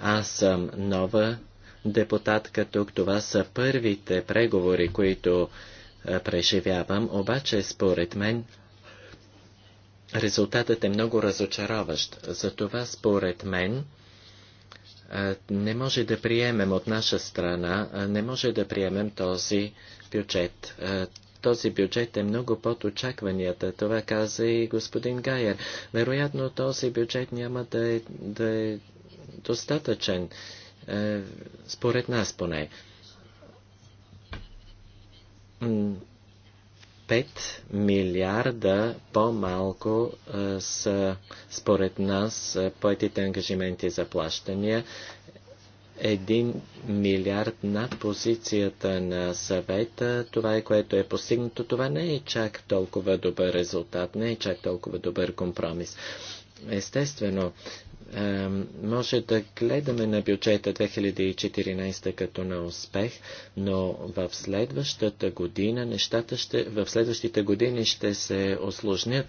S3: Аз съм нова депутатка тук, това са първите преговори, които е, преживявам, обаче според мен резултатът е много разочароващ. Затова според мен е, не може да приемем от наша страна, е, не може да приемем този бюджет. Е, този бюджет е много под очакванията. Това каза и господин Гайер. Вероятно този бюджет няма да е, да е достатъчен, е, според нас поне. 5 милиарда по-малко е, са според нас поетите ангажименти за плащания 1 милиард над позицията на съвета. Това е което е постигнато. Това не е чак толкова добър резултат, не е чак толкова добър компромис. Естествено, може да гледаме на бюджета 2014 като на успех, но в следващата година нещата ще, в следващите години ще се осложнят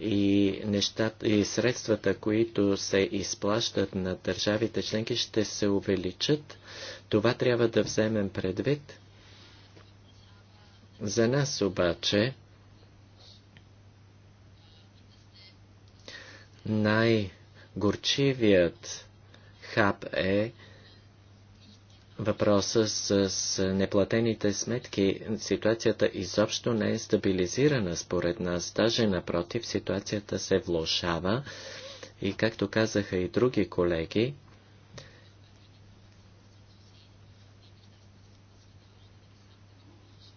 S3: и, нещата, и средствата, които се изплащат на държавите членки, ще се увеличат. Това трябва да вземем предвид. За нас обаче най-горчивият хаб е, въпроса с, с неплатените сметки, ситуацията изобщо не е стабилизирана според нас. Даже напротив, ситуацията се влошава и както казаха и други колеги,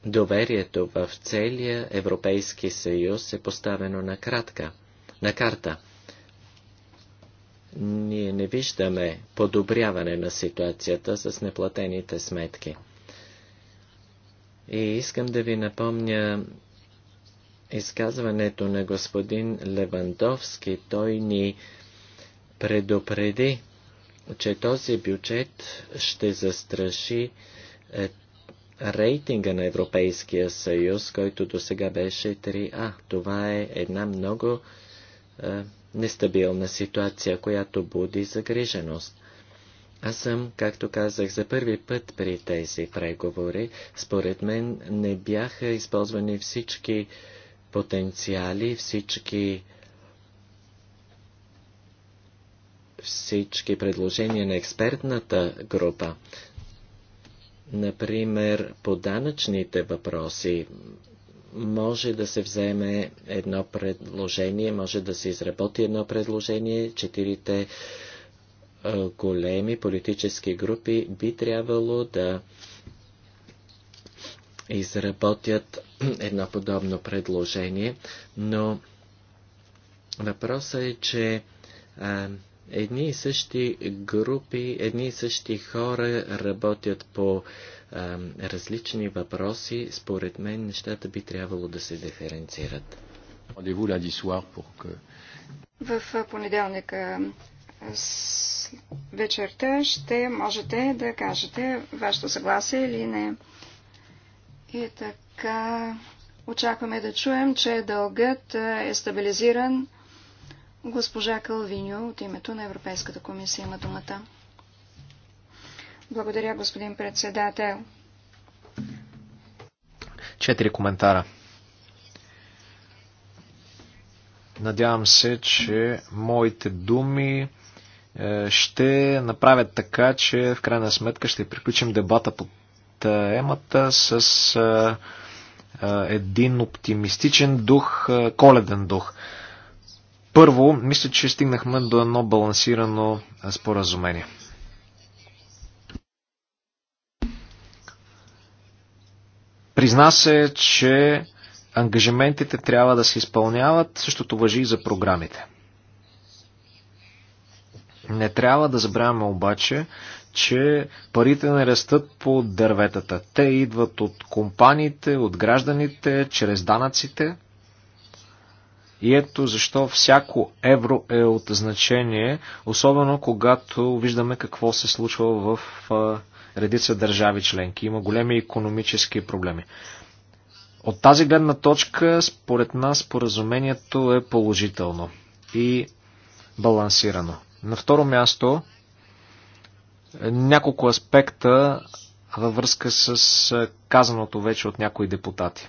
S3: доверието в целия Европейски съюз е поставено на кратка, на карта – ние не виждаме подобряване на ситуацията с неплатените сметки. И искам да ви напомня изказването на господин Левандовски. Той ни предупреди, че този бюджет ще застраши е, рейтинга на Европейския съюз, който до сега беше 3А. Това е една много е, нестабилна ситуация, която буди загриженост. Аз съм, както казах, за първи път при тези преговори. Според мен не бяха използвани всички потенциали, всички всички предложения на експертната група. Например, по данъчните въпроси може да се вземе едно предложение, може да се изработи едно предложение. Четирите е, големи политически групи би трябвало да изработят едно подобно предложение, но въпросът е, че е, едни и същи групи, едни и същи хора работят по а, различни въпроси. Според мен нещата би трябвало да се диференцират.
S1: В понеделник вечерта ще можете да кажете вашето съгласие или не. И така, очакваме да чуем, че дългът е стабилизиран Госпожа Калвиньо от името на Европейската комисия има думата. Благодаря, господин председател.
S2: Четири коментара. Надявам се, че моите думи е, ще направят така, че в крайна сметка ще приключим дебата по темата с е, е, един оптимистичен дух, коледен дух. Първо, мисля, че стигнахме до едно балансирано споразумение. Призна се, че ангажиментите трябва да се изпълняват, същото въжи и за програмите. Не трябва да забравяме обаче, че парите не растат по дърветата. Те идват от компаниите, от гражданите, чрез данъците. И ето защо всяко евро е от значение, особено когато виждаме какво се случва в редица държави членки. Има големи економически проблеми. От тази гледна точка, според нас, поразумението е положително и балансирано. На второ място, няколко аспекта във връзка с казаното вече от някои депутати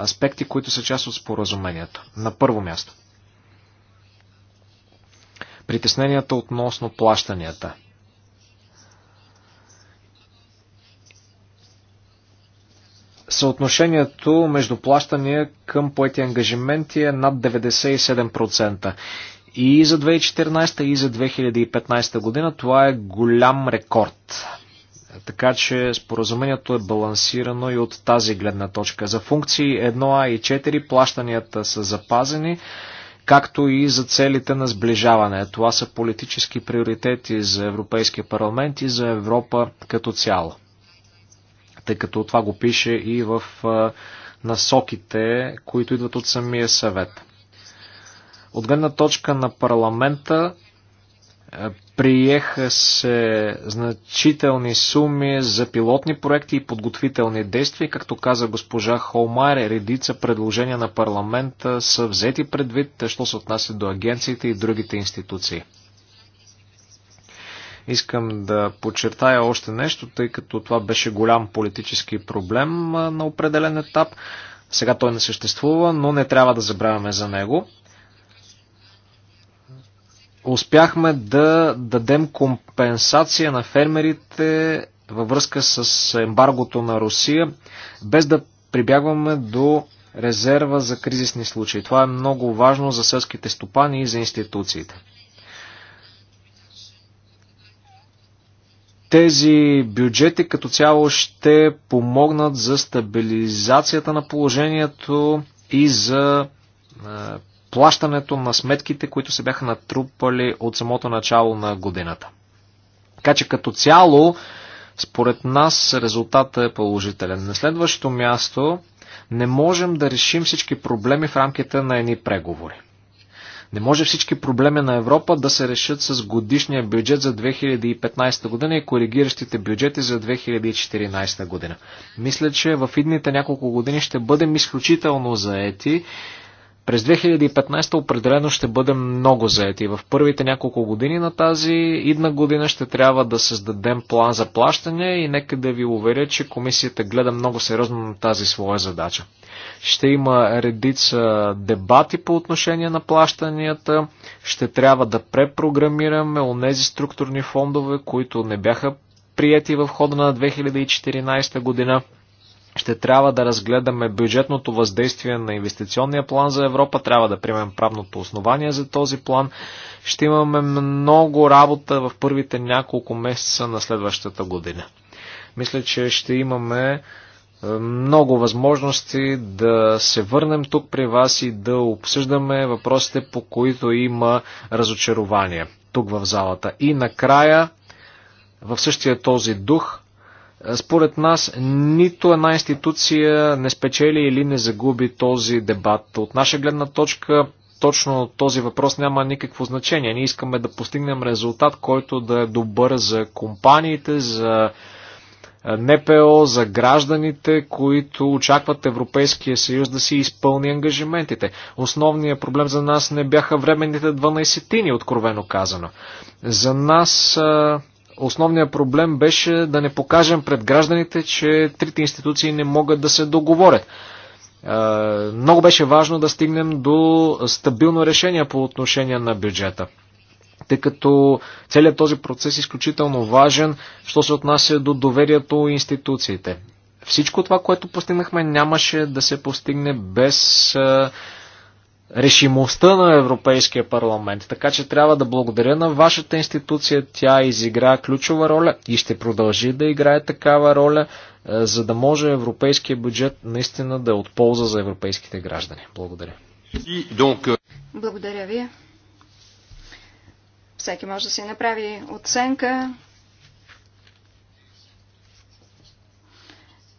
S2: аспекти, които са част от споразумението. На първо място. Притесненията относно плащанията. Съотношението между плащания към поети ангажименти е над 97%. И за 2014 и за 2015 година това е голям рекорд. Така че споразумението е балансирано и от тази гледна точка. За функции 1А и 4 плащанията са запазени, както и за целите на сближаване. Това са политически приоритети за Европейския парламент и за Европа като цяло. Тъй като това го пише и в насоките, които идват от самия съвет. От гледна точка на парламента Приеха се значителни суми за пилотни проекти и подготвителни действия. Както каза госпожа Холмайер, редица предложения на парламента са взети предвид, що се отнася до агенциите и другите институции. Искам да подчертая още нещо, тъй като това беше голям политически проблем на определен етап. Сега той не съществува, но не трябва да забравяме за него успяхме да дадем компенсация на фермерите във връзка с ембаргото на Русия, без да прибягваме до резерва за кризисни случаи. Това е много важно за селските стопани и за институциите. Тези бюджети като цяло ще помогнат за стабилизацията на положението и за е, плащането на сметките, които се бяха натрупали от самото начало на годината. Така че като цяло, според нас резултатът е положителен. На следващото място не можем да решим всички проблеми в рамките на едни преговори. Не може всички проблеми на Европа да се решат с годишния бюджет за 2015 година и коригиращите бюджети за 2014 година. Мисля, че в идните няколко години ще бъдем изключително заети през 2015 определено ще бъдем много заети. В първите няколко години на тази идна година ще трябва да създадем план за плащане и нека да ви уверя, че комисията гледа много сериозно на тази своя задача. Ще има редица дебати по отношение на плащанията, ще трябва да препрограмираме онези структурни фондове, които не бяха прияти в хода на 2014 година ще трябва да разгледаме бюджетното въздействие на инвестиционния план за Европа, трябва да приемем правното основание за този план. Ще имаме много работа в първите няколко месеца на следващата година. Мисля, че ще имаме е, много възможности да се върнем тук при вас и да обсъждаме въпросите, по които има разочарование тук в залата. И накрая, в същия този дух, според нас нито една институция не спечели или не загуби този дебат. От наша гледна точка точно този въпрос няма никакво значение. Ние искаме да постигнем резултат, който да е добър за компаниите, за НПО, за гражданите, които очакват Европейския съюз да си изпълни ангажиментите. Основният проблем за нас не бяха временните 12-тини, откровено казано. За нас Основният проблем беше да не покажем пред гражданите, че трите институции не могат да се договорят. Е, много беше важно да стигнем до стабилно решение по отношение на бюджета тъй като целият този процес е изключително важен, що се отнася до доверието у институциите. Всичко това, което постигнахме, нямаше да се постигне без е, решимостта на Европейския парламент. Така че трябва да благодаря на вашата институция. Тя изигра ключова роля и ще продължи да играе такава роля, е, за да може европейския бюджет наистина да е от полза за европейските граждани. Благодаря. Е,
S1: благодаря ви. Всеки може да си направи оценка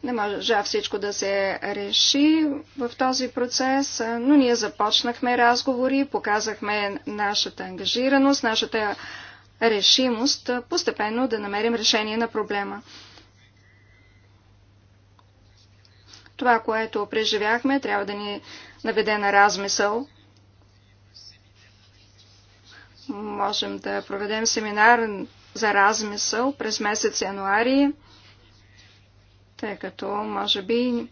S1: Не можа всичко да се реши в този процес, но ние започнахме разговори, показахме нашата ангажираност, нашата решимост постепенно да намерим решение на проблема. Това, което преживяхме, трябва да ни наведе на размисъл. Можем да проведем семинар за размисъл през месец януари тъй като може би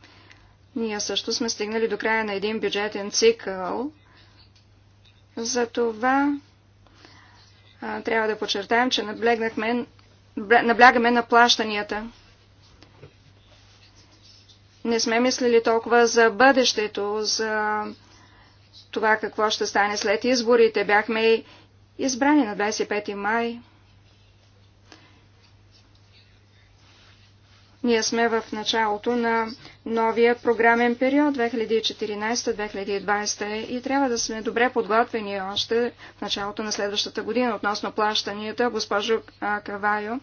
S1: ние също сме стигнали до края на един бюджетен цикъл. Затова а, трябва да подчертаем, че наблегнахме, наблягаме на плащанията. Не сме мислили толкова за бъдещето, за това какво ще стане след изборите. Бяхме избрани на 25 май Ние сме в началото на новия програмен период 2014-2020 и трябва да сме добре подготвени още в началото на следващата година относно плащанията. Госпожо Кавайо,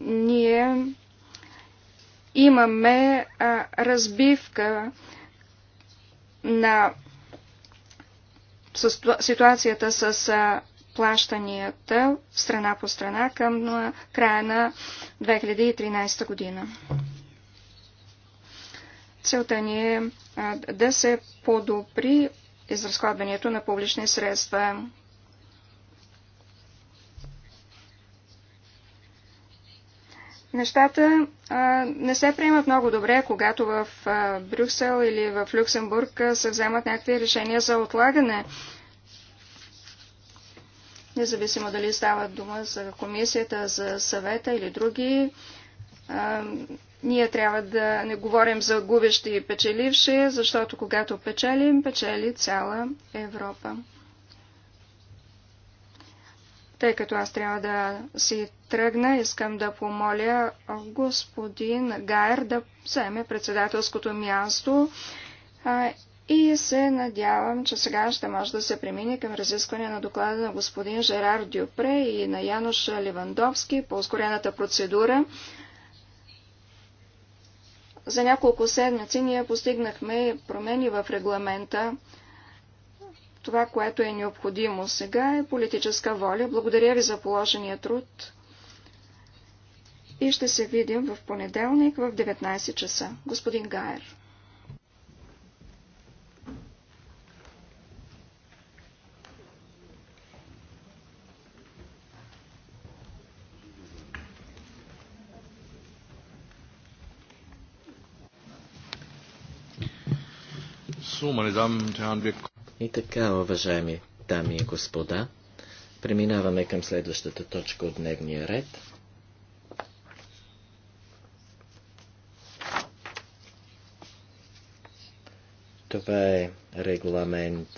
S1: ние имаме разбивка на ситуацията с плащанията страна по страна към края на 2013 година. Целта ни е да се подобри изразходването на публични средства. Нещата а, не се приемат много добре, когато в а, Брюксел или в Люксембург а, се вземат някакви решения за отлагане независимо дали става дума за комисията, за съвета или други. ние трябва да не говорим за губещи и печеливши, защото когато печелим, печели цяла Европа. Тъй като аз трябва да си тръгна, искам да помоля господин Гайер да вземе председателското място и се надявам, че сега ще може да се премине към разискване на доклада на господин Жерар Дюпре и на Янош Левандовски по ускорената процедура. За няколко седмици ние постигнахме промени в регламента. Това, което е необходимо сега е политическа воля. Благодаря ви за положения труд и ще се видим в понеделник в 19 часа. Господин Гайер.
S3: И така, уважаеми дами и господа, преминаваме към следващата точка от дневния ред. Това е регламент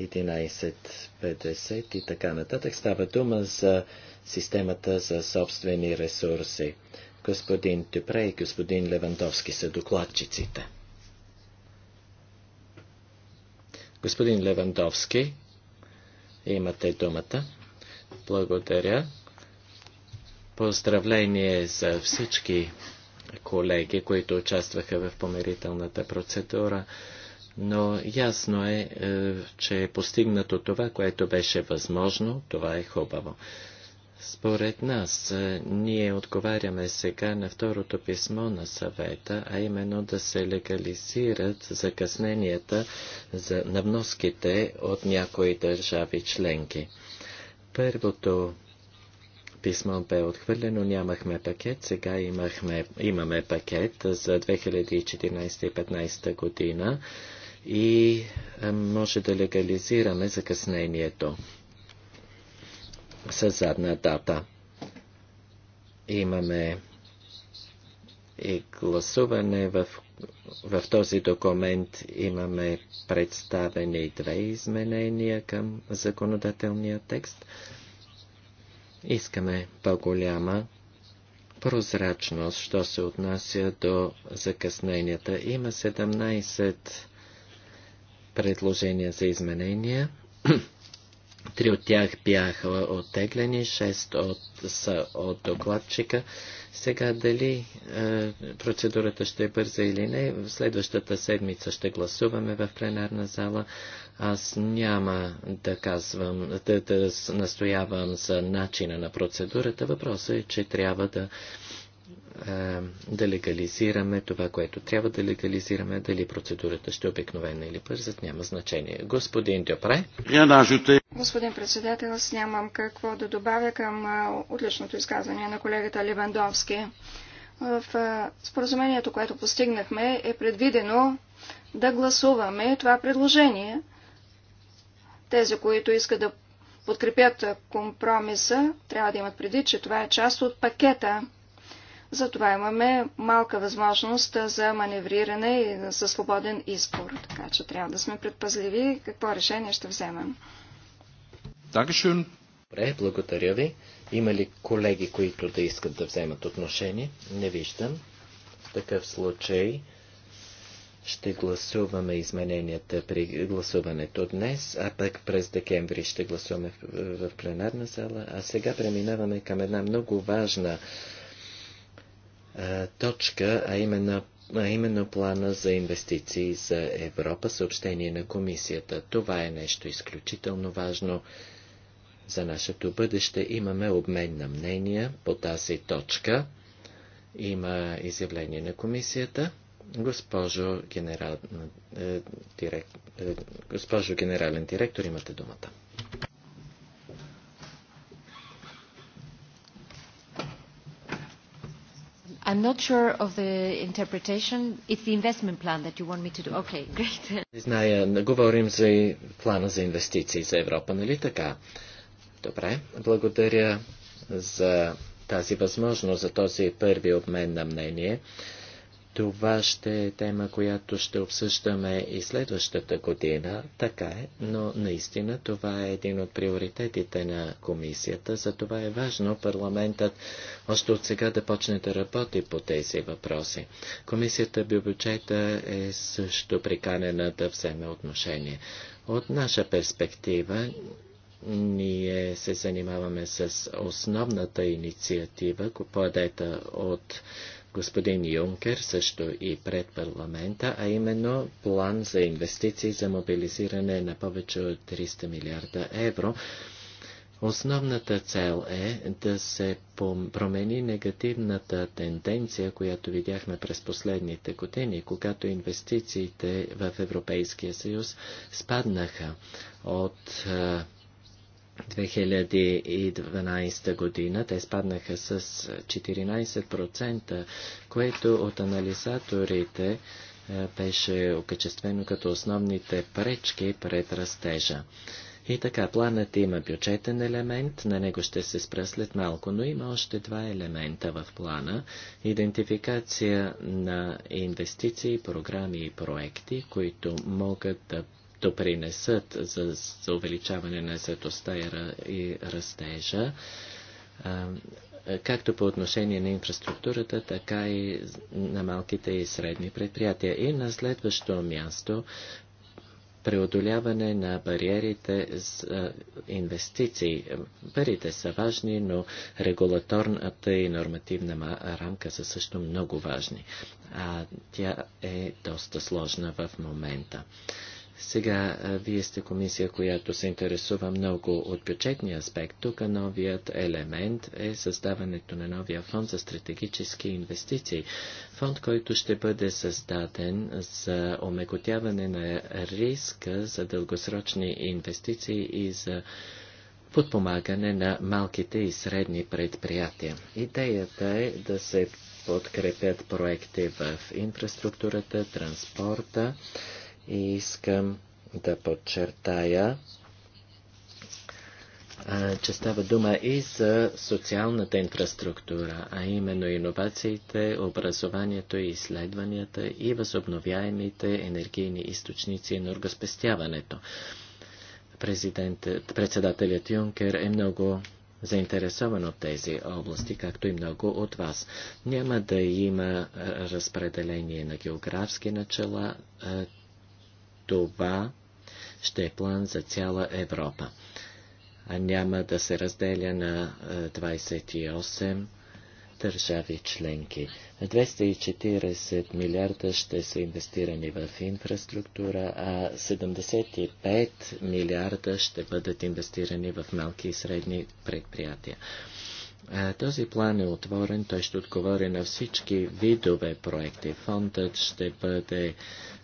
S3: 1150 и така нататък. Става дума за системата за собствени ресурси. Господин Тюпре и господин Левандовски са докладчиците. Господин Левандовски, имате думата. Благодаря. Поздравление за всички колеги, които участваха в помирителната процедура, но ясно е, е че е постигнато това, което беше възможно, това е хубаво. Според нас, ние отговаряме сега на второто писмо на съвета, а именно да се легализират закъсненията за, на вноските от някои държави членки. Първото писмо бе отхвърлено, нямахме пакет, сега имахме, имаме пакет за 2014 и 2015 година и може да легализираме закъснението с задна дата. Имаме и гласуване в, в този документ имаме представени две изменения към законодателния текст. Искаме по-голяма прозрачност, що се отнася до закъсненията. Има 17 предложения за изменения. Три от тях бяха оттеглени, шест от, са от докладчика. Сега дали е, процедурата ще е бърза или не, в следващата седмица ще гласуваме в пленарна зала. Аз няма да казвам, да, да настоявам за начина на процедурата. Въпросът е, че трябва да е, да легализираме това, което трябва да легализираме, дали процедурата ще е обикновена или бързат, няма значение. Господин Дюпре.
S1: Господин председател, аз нямам какво да добавя към е, отличното изказване на колегата Левандовски. Е, в споразумението, което постигнахме, е предвидено да гласуваме това предложение. Тези, които искат да подкрепят компромиса, трябва да имат преди, че това е част от пакета затова имаме малка възможност за маневриране и за свободен избор. Така че трябва да сме предпазливи какво решение ще вземем.
S3: Добре, благодаря ви. Има ли колеги, които да искат да вземат отношение? Не виждам. В такъв случай ще гласуваме измененията при гласуването днес, а пък през декември ще гласуваме в, в пленарна зала. А сега преминаваме към една много важна е, точка, а именно а именно плана за инвестиции за Европа, съобщение на комисията. Това е нещо изключително важно за нашето бъдеще. Имаме обмен на мнения по тази точка. Има изявление на комисията. Госпожо, генерал, е, директ, е, госпожо генерален директор, имате думата.
S1: I'm not sure of the interpretation. It's the investment plan that you want me to do. Okay, great. Не
S3: зная, говорим за плана за инвестиции за Европа, нали така? Добре, благодаря за тази възможност, за този първи обмен на мнение. Това ще е тема, която ще обсъждаме и следващата година, така е, но наистина това е един от приоритетите на комисията, за това е важно парламентът още от сега да почне да работи по тези въпроси. Комисията бюджета е също приканена да вземе отношение. От наша перспектива ние се занимаваме с основната инициатива, поедета от господин Юнкер, също и пред парламента, а именно план за инвестиции за мобилизиране на повече от 300 милиарда евро. Основната цел е да се промени негативната тенденция, която видяхме през последните години, когато инвестициите в Европейския съюз спаднаха от 2012 година те спаднаха с 14%, което от анализаторите е, беше окачествено като основните пречки пред растежа. И така, планът има бюджетен елемент, на него ще се спра след малко, но има още два елемента в плана. Идентификация на инвестиции, програми и проекти, които могат да допринесат за, за увеличаване на заедостта и растежа, както по отношение на инфраструктурата, така и на малките и средни предприятия. И на следващо място преодоляване на бариерите за инвестиции. Парите са важни, но регулаторната и нормативна рамка са също много важни. А тя е доста сложна в момента. Сега вие сте комисия, която се интересува много от бюджетния аспект. Тук новият елемент е създаването на новия фонд за стратегически инвестиции. Фонд, който ще бъде създаден за омекотяване на риска за дългосрочни инвестиции и за подпомагане на малките и средни предприятия. Идеята е да се подкрепят проекти в инфраструктурата, транспорта, и искам да подчертая, че става дума и за социалната инфраструктура, а именно иновациите, образованието и изследванията и възобновяемите енергийни източници и енергоспестяването. Председателят Юнкер е много заинтересован от тези области, както и много от вас. Няма да има разпределение на географски начала, това ще е план за цяла Европа. А няма да се разделя на 28 е, държави членки. 240 милиарда ще са инвестирани в инфраструктура, а 75 милиарда ще бъдат инвестирани в малки и средни предприятия. Този план е отворен, той ще отговори на всички видове проекти. Фондът ще бъде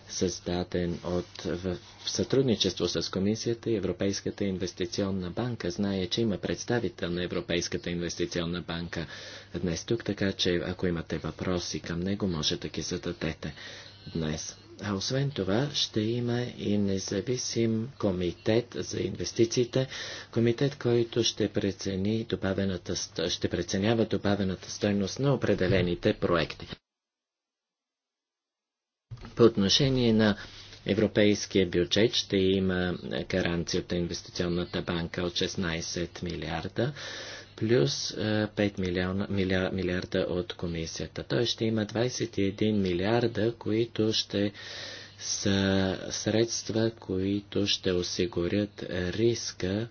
S3: създаден от, в, в сътрудничество с Комисията и Европейската инвестиционна банка. Знае, че има представител на Европейската инвестиционна банка днес тук, така че ако имате въпроси към него, може да ги зададете днес. А освен това ще има и независим комитет за инвестициите, комитет, който ще, прецени добавената, ще преценява добавената стойност на определените проекти. По отношение на европейския бюджет ще има гаранция от инвестиционната банка от 16 милиарда плюс 5 е, милиона, милиар, милиарда от комисията. Той ще има 21 милиарда, които ще са средства, които ще осигурят риска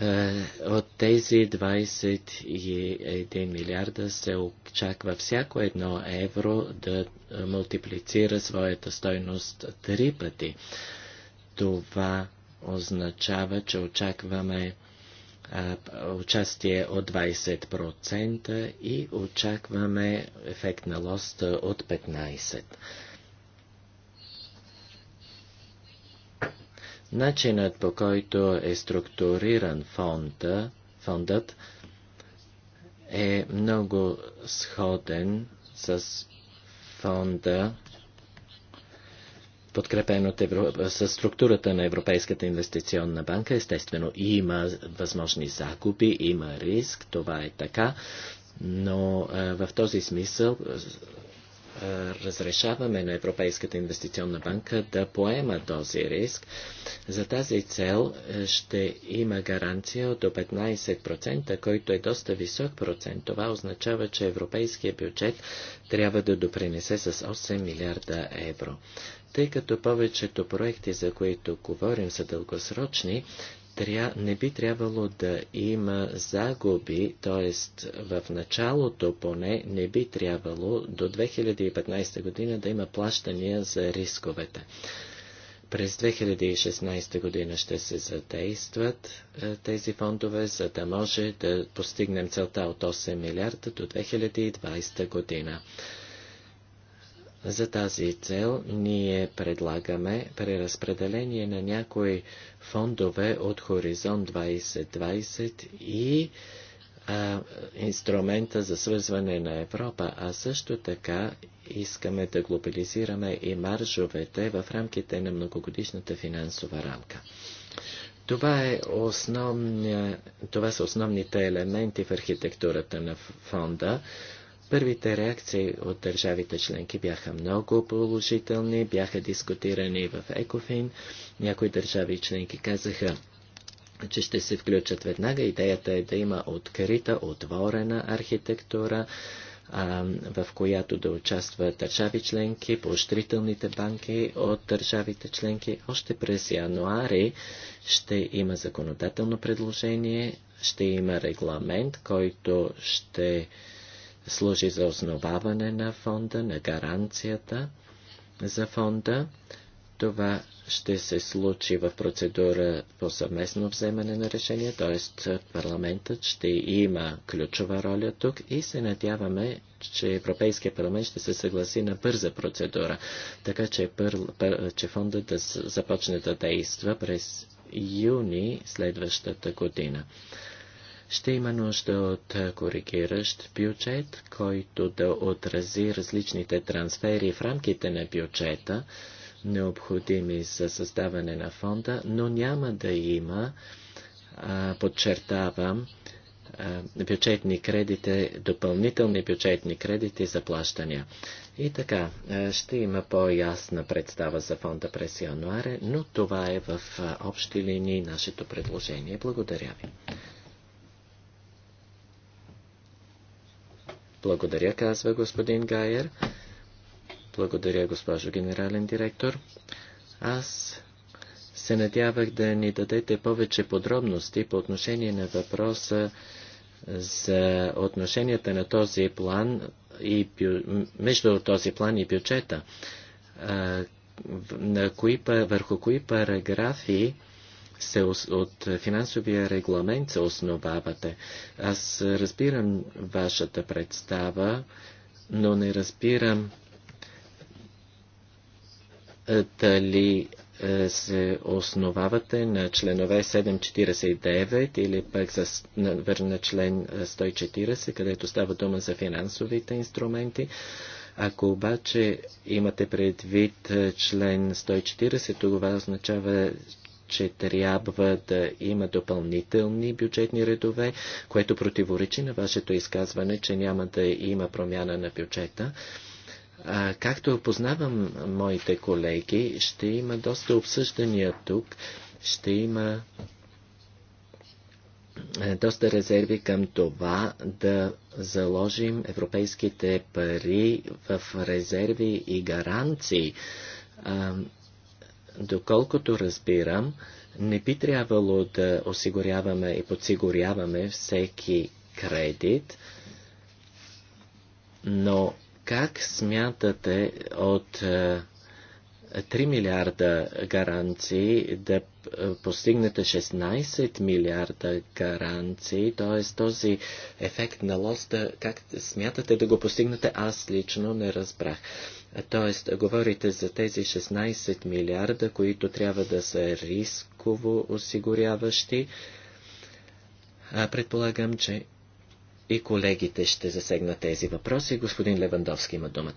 S3: е, от тези 21 милиарда се очаква всяко едно евро да мултиплицира своята стойност три пъти. Това означава, че очакваме а, участие от 20% и очакваме ефект на лоста от 15%. Начинът по който е структуриран фонда, фондът е много сходен с фонда, подкрепен от Евро... с структурата на Европейската инвестиционна банка. Естествено, има възможни закупи, има риск, това е така, но в този смисъл е, разрешаваме на Европейската инвестиционна банка да поема този риск. За тази цел е, ще има гаранция от до 15%, който е доста висок процент. Това означава, че европейския бюджет трябва да допринесе с 8 милиарда евро. Тъй като повечето проекти, за които говорим, са дългосрочни, тря... не би трябвало да има загуби, т.е. в началото поне не би трябвало до 2015 година да има плащания за рисковете. През 2016 година ще се задействат е, тези фондове, за да може да постигнем целта от 8 милиарда до 2020 година. За тази цел ние предлагаме преразпределение на някои фондове от Хоризонт 2020 и а, инструмента за свързване на Европа, а също така искаме да глобализираме и маржовете в рамките на многогодишната финансова рамка. Това, е основния, това са основните елементи в архитектурата на фонда. Първите реакции от държавите членки бяха много положителни, бяха дискутирани в Екофин. Някои държави членки казаха, че ще се включат веднага. Идеята е да има открита, отворена архитектура, а, в която да участват държави членки, поощрителните банки от държавите членки. Още през януари ще има законодателно предложение, ще има регламент, който ще служи за основаване на фонда, на гаранцията за фонда. Това ще се случи в процедура по съвместно вземане на решение, т.е. парламентът ще има ключова роля тук и се надяваме, че Европейския парламент ще се съгласи на бърза процедура, така че, пър, пър, че фондът да започне да действа през юни следващата година ще има нужда от е, коригиращ бюджет, който да отрази различните трансфери в рамките на бюджета, необходими за създаване на фонда, но няма да има, подчертавам, бюджетни кредити, допълнителни бюджетни кредити за плащания. И така, е, ще има по-ясна представа за фонда през януаре, но това е в е, общи линии нашето предложение. Благодаря ви. Благодаря, казва господин Гайер. Благодаря, госпожо генерален директор. Аз се надявах да ни дадете повече подробности по отношение на въпроса за отношенията на този план и бю... между този план и бюджета. На кои, върху кои параграфи се, от финансовия регламент се основавате. Аз разбирам вашата представа, но не разбирам е, дали е, се основавате на членове 749 или пък за, на, на член 140, е, където става дума за финансовите инструменти. Ако обаче имате предвид член 140, това означава че трябва да има допълнителни бюджетни редове, което противоречи на вашето изказване, че няма да има промяна на бюджета. А, както познавам моите колеги, ще има доста обсъждания тук, ще има доста резерви към това да заложим европейските пари в резерви и гаранции. Доколкото разбирам, не би трябвало да осигуряваме и подсигуряваме всеки кредит, но как смятате от 3 е, милиарда гаранции да е, постигнете 16 милиарда гаранции, т.е. този ефект на лоста, как смятате да го постигнете, аз лично не разбрах. Т.е. говорите за тези 16 милиарда, които трябва да са рисково осигуряващи. А, предполагам, че и колегите ще засегнат тези въпроси. Господин Левандовски има думата.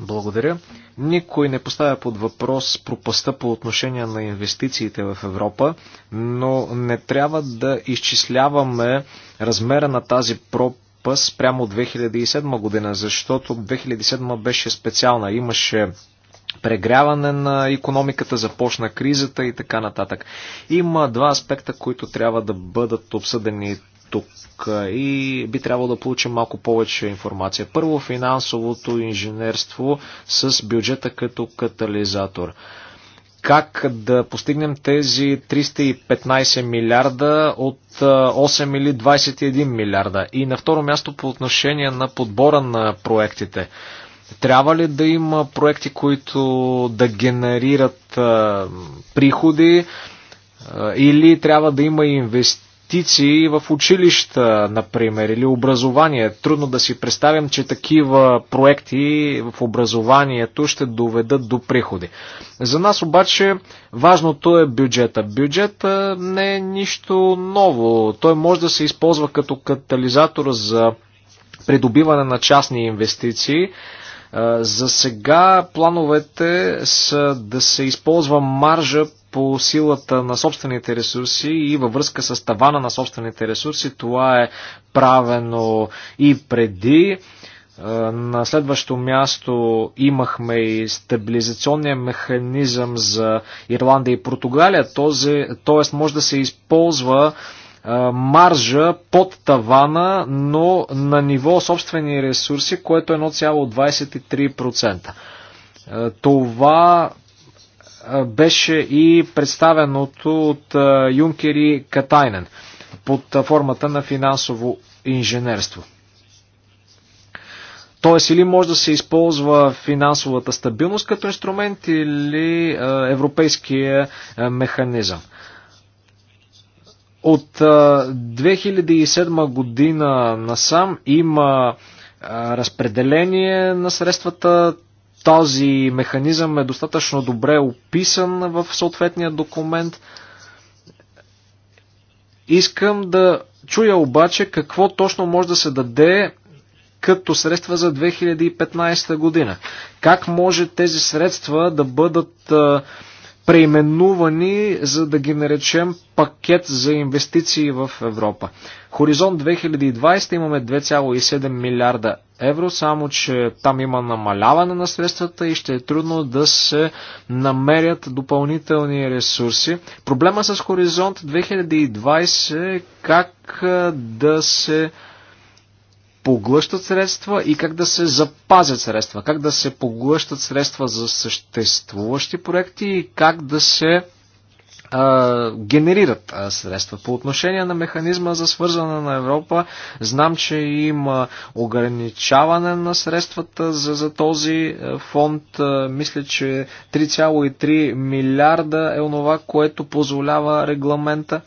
S2: Благодаря. Никой не поставя под въпрос пропаста по отношение на инвестициите в Европа, но не трябва да изчисляваме размера на тази пропаст Европа спрямо 2007 година, защото 2007 беше специална. Имаше прегряване на економиката, започна кризата и така нататък. Има два аспекта, които трябва да бъдат обсъдени тук и би трябвало да получим малко повече информация. Първо, финансовото инженерство с бюджета като катализатор как да постигнем тези 315 милиарда от 8 или 21 милиарда. И на второ място по отношение на подбора на проектите. Трябва ли да има проекти, които да генерират приходи или трябва да има инвестиции? инвестиции в училища, например, или образование. Трудно да си представям, че такива проекти в образованието ще доведат до приходи. За нас обаче важното е бюджета. Бюджета не е нищо ново. Той може да се използва като катализатор за придобиване на частни инвестиции. За сега плановете са да се използва маржа по силата на собствените ресурси и във връзка с тавана на собствените ресурси. Това е правено и преди. На следващо място имахме и стабилизационния механизъм за Ирландия и Португалия, т.е. може да се използва маржа под тавана, но на ниво собствени ресурси, което е 1,23%. Това беше и представеното от Юнкер и Катайнен под формата на финансово инженерство. Тоест или може да се използва финансовата стабилност като инструмент или европейския механизъм. От 2007 година насам има разпределение на средствата. Този механизъм е достатъчно добре описан в съответния документ. Искам да чуя обаче какво точно може да се даде като средства за 2015 година. Как може тези средства да бъдат а, преименувани, за да ги наречем пакет за инвестиции в Европа. Хоризонт 2020 имаме 2,7 милиарда евро, само че там има намаляване на средствата и ще е трудно да се намерят допълнителни ресурси. Проблема с Хоризонт 2020 е как да се поглъщат средства и как да се запазят средства, как да се поглъщат средства за съществуващи проекти и как да се а, генерират а, средства. По отношение на механизма за свързване на Европа, знам, че има ограничаване на средствата за, за този фонд. А, мисля, че 3,3 милиарда е онова, което позволява регламента.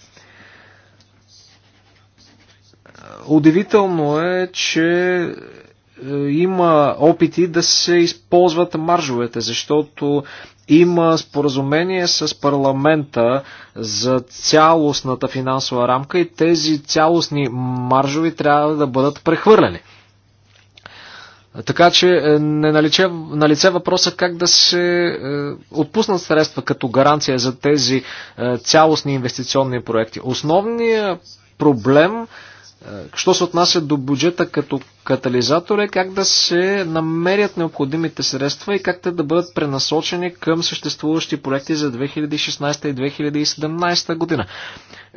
S2: Удивително е, че е, има опити да се използват маржовете, защото има споразумение с парламента за цялостната финансова рамка и тези цялостни маржови трябва да бъдат прехвърлени. Така че е, не налице, налице въпроса как да се е, отпуснат средства като гаранция за тези цялостни инвестиционни проекти. Основният проблем е, е, що се отнася до бюджета като катализатор е как да се намерят необходимите средства и как те да бъдат пренасочени към съществуващи проекти за 2016 и 2017 година.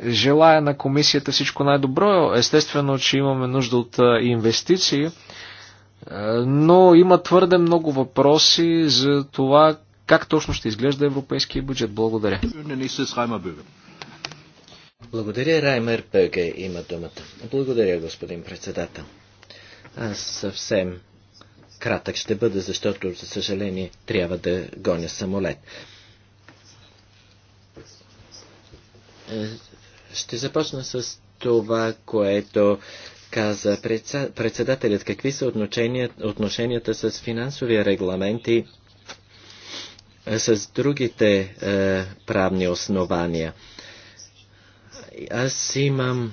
S2: Желая на комисията всичко най-добро. Естествено, че имаме нужда от е, инвестиции, е, но има твърде много въпроси за това как точно ще изглежда европейския бюджет. Благодаря.
S3: Благодаря, Раймер Пеге има думата. Благодаря, господин председател. Аз съвсем кратък ще бъда, защото, за съжаление, трябва да гоня самолет. Е, ще започна с това, което каза председателят. Какви са отношенията с финансовия регламент и е, с другите е, правни основания? Аз имам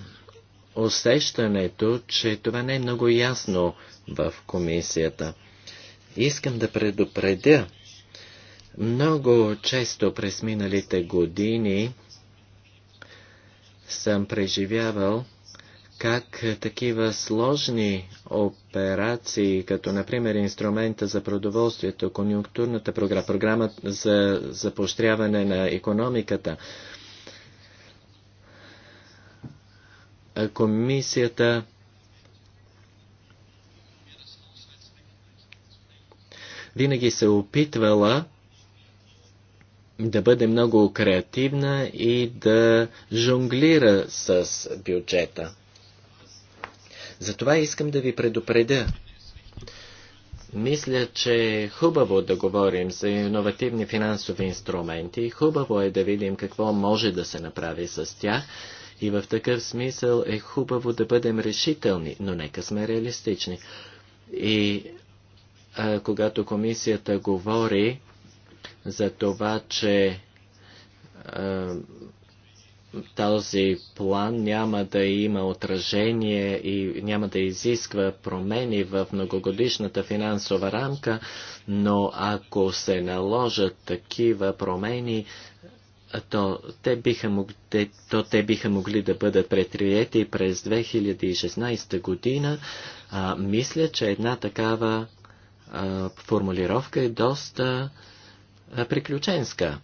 S3: усещането, че това не е много ясно в комисията. Искам да предупредя. Много често през миналите години съм преживявал как такива сложни операции, като например инструмента за продоволствието, конъюнктурната програма, програма за запощряване на економиката, комисията винаги се опитвала да бъде много креативна и да жонглира с бюджета. Затова искам да ви предупредя. Мисля, че е хубаво да говорим за иновативни финансови инструменти. Хубаво е да видим какво може да се направи с тях, и в такъв смисъл е хубаво да бъдем решителни, но нека сме реалистични. И а, когато комисията говори за това, че а, този план няма да има отражение и няма да изисква промени в многогодишната финансова рамка, но ако се наложат такива промени, то те биха могли, то те биха могли да бъдат предприяти през 2016 година. А, мисля, че една такава а, формулировка е доста а, приключенска.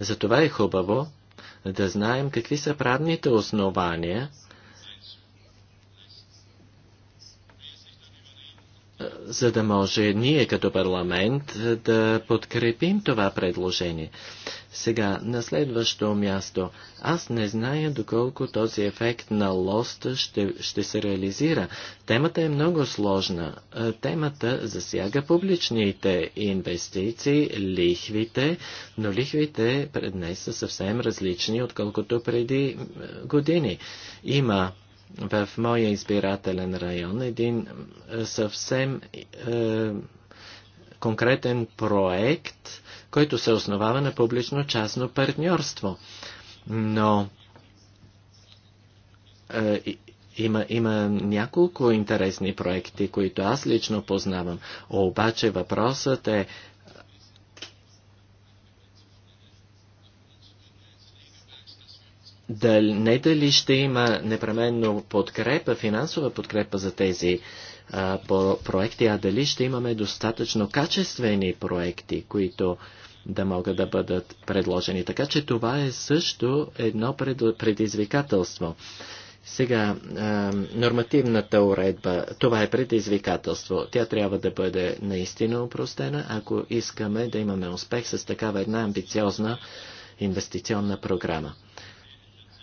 S3: Затова е хубаво да знаем какви са правните основания – за да може ние като парламент да подкрепим това предложение. Сега, на следващо място, аз не зная доколко този ефект на лоста ще, ще се реализира. Темата е много сложна. Е, темата засяга публичните инвестиции, лихвите, но лихвите пред днес са съвсем различни, отколкото преди е, години. Има в моя избирателен район един съвсем е, конкретен проект, който се основава на публично-частно партньорство. Но е, има, има няколко интересни проекти, които аз лично познавам. Обаче въпросът е дали, не дали ще има непременно подкрепа, финансова подкрепа за тези а, по проекти, а дали ще имаме достатъчно качествени проекти, които да могат да бъдат предложени. Така че това е също едно пред, предизвикателство. Сега, а, нормативната уредба, това е предизвикателство. Тя трябва да бъде наистина упростена, ако искаме да имаме успех с такава една амбициозна инвестиционна програма.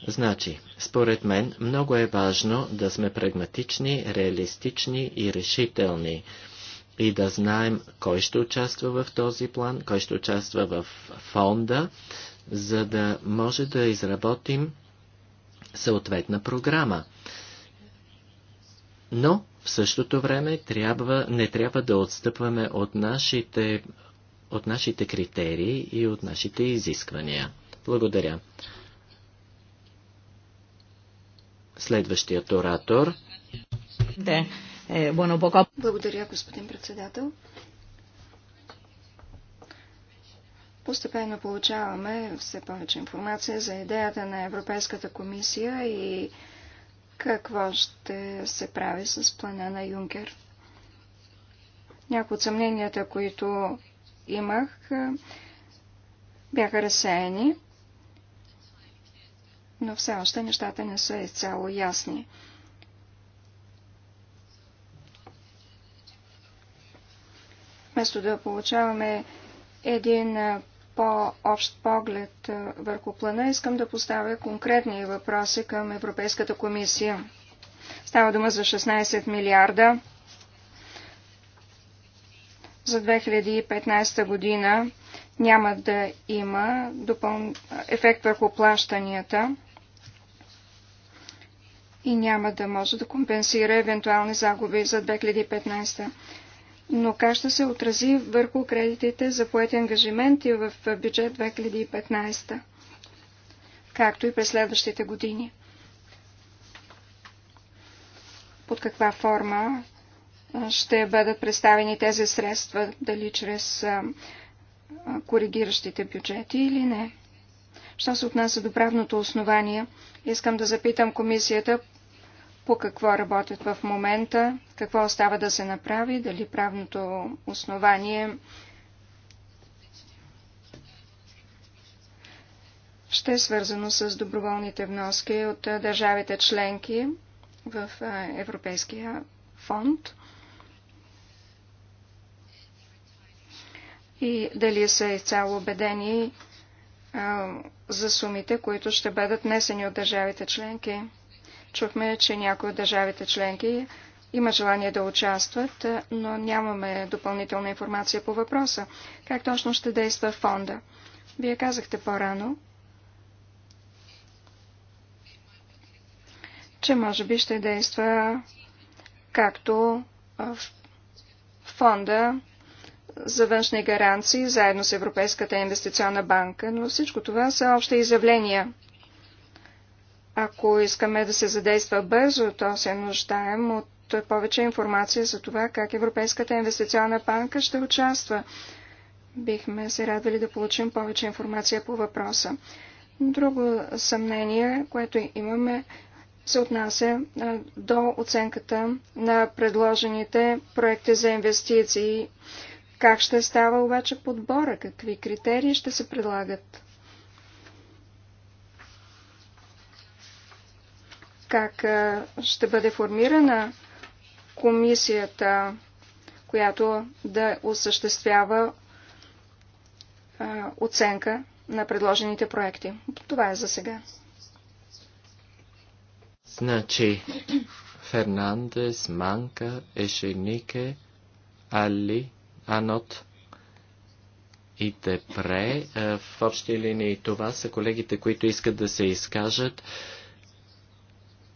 S3: Значи, според мен, много е важно да сме прагматични, реалистични и решителни и да знаем кой ще участва в този план, кой ще участва в фонда, за да може да изработим съответна програма. Но в същото време трябва, не трябва да отстъпваме от нашите, от нашите критерии и от нашите изисквания. Благодаря. Следващият оратор.
S1: Е, Благодаря, господин председател. Постепенно получаваме все повече информация за идеята на Европейската комисия и какво ще се прави с плана на Юнкер. Някои от съмненията, които имах, бяха разсеяни но все още нещата не са изцяло ясни. Вместо да получаваме един по-общ поглед върху плана, искам да поставя конкретни въпроси към Европейската комисия. Става дума за 16 милиарда за 2015 година няма да има ефект върху плащанията и няма да може да компенсира евентуални загуби за 2015. Но как ще се отрази върху кредитите за поети ангажименти в бюджет 2015, както и през следващите години? Под каква форма ще бъдат представени тези средства, дали чрез коригиращите бюджети или не? Що се отнася до правното основание, искам да запитам комисията по какво работят в момента, какво остава да се направи, дали правното основание ще е свързано с доброволните вноски от държавите членки в Европейския фонд и дали са изцяло убедени за сумите, които ще бъдат несени от държавите членки. Чухме, че някои от държавите членки има желание да участват, но нямаме допълнителна информация по въпроса. Как точно ще действа фонда? Вие казахте по-рано, че може би ще действа както в фонда за външни гаранции, заедно с Европейската инвестиционна банка, но всичко това са общи изявления. Ако искаме да се задейства бързо, то се нуждаем от повече информация за това как Европейската инвестиционна банка ще участва. Бихме се радвали да получим повече информация по въпроса. Друго съмнение, което имаме, се отнася до оценката на предложените проекти за инвестиции. Как ще става обаче подбора? Какви критерии ще се предлагат? как ще бъде формирана комисията, която да осъществява оценка на предложените проекти. Това е за сега.
S3: Значи, Фернандес, Манка, Ешенике, Али, Анот и Депре. В общи линии това са колегите, които искат да се изкажат.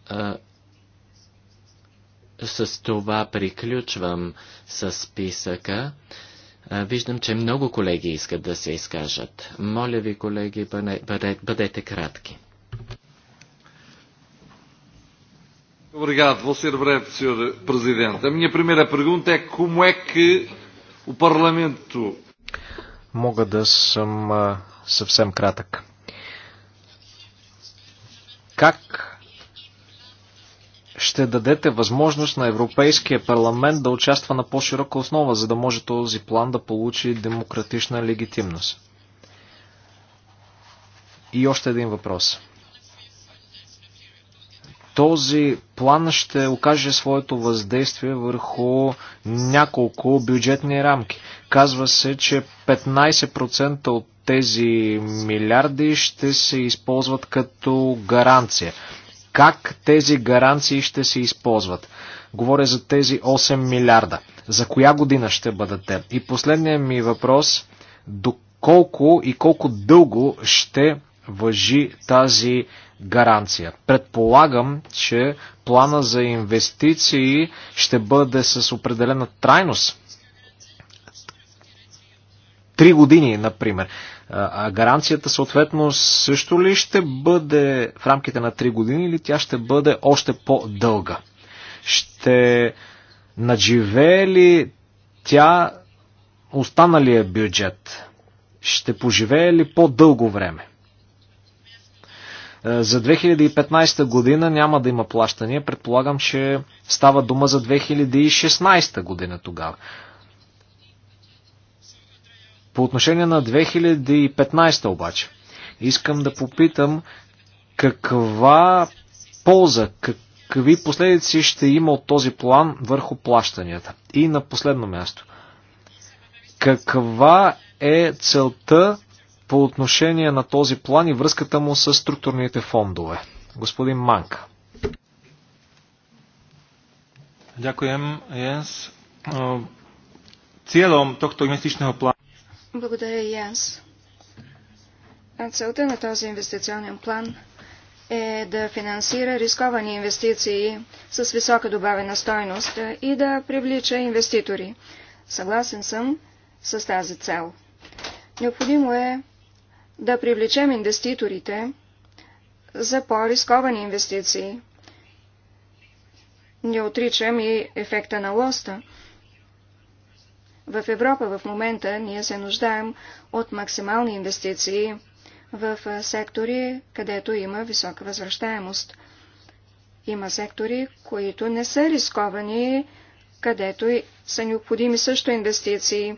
S3: А, с това приключвам с списъка. А, Виждам, че много колеги искат да се изкажат. Моля ви, колеги, бъде, бъде, бъдете кратки.
S4: Obrigado, vou ser breve, Sr. Presidente. A minha primeira pergunta é como é que o Parlamento.
S2: Мога да съм съвсем кратък. Как ще дадете възможност на Европейския парламент да участва на по-широка основа, за да може този план да получи демократична легитимност? И още един въпрос. Този план ще окаже своето въздействие върху няколко бюджетни рамки. Казва се, че 15% от тези милиарди ще се използват като гаранция как тези гаранции ще се използват. Говоря за тези 8 милиарда. За коя година ще бъдат те? И последният ми въпрос, доколко и колко дълго ще въжи тази гаранция. Предполагам, че плана за инвестиции ще бъде с определена трайност три години, например. А гаранцията съответно също ли ще бъде в рамките на три години или тя ще бъде още по-дълга? Ще надживее ли тя останалия бюджет? Ще поживее ли по-дълго време? За 2015 година няма да има плащания. Предполагам, че става дума за 2016 година тогава. По отношение на 2015 обаче, искам да попитам каква полза, какви последици ще има от този план върху плащанията. И на последно място, каква е целта по отношение на този план и връзката му с структурните фондове? Господин Манка. Дякуем, Jens. Cieľom tohto investičného plánu
S1: благодаря и аз. Целта на този инвестиционен план е да финансира рисковани инвестиции с висока добавена стойност и да привлича инвеститори. Съгласен съм с тази цел. Необходимо е да привлечем инвеститорите за по-рисковани инвестиции. Не отричам и ефекта на лоста – в Европа в момента ние се нуждаем от максимални инвестиции в сектори, където има висока възвръщаемост. Има сектори, които не са рисковани, където са необходими също инвестиции.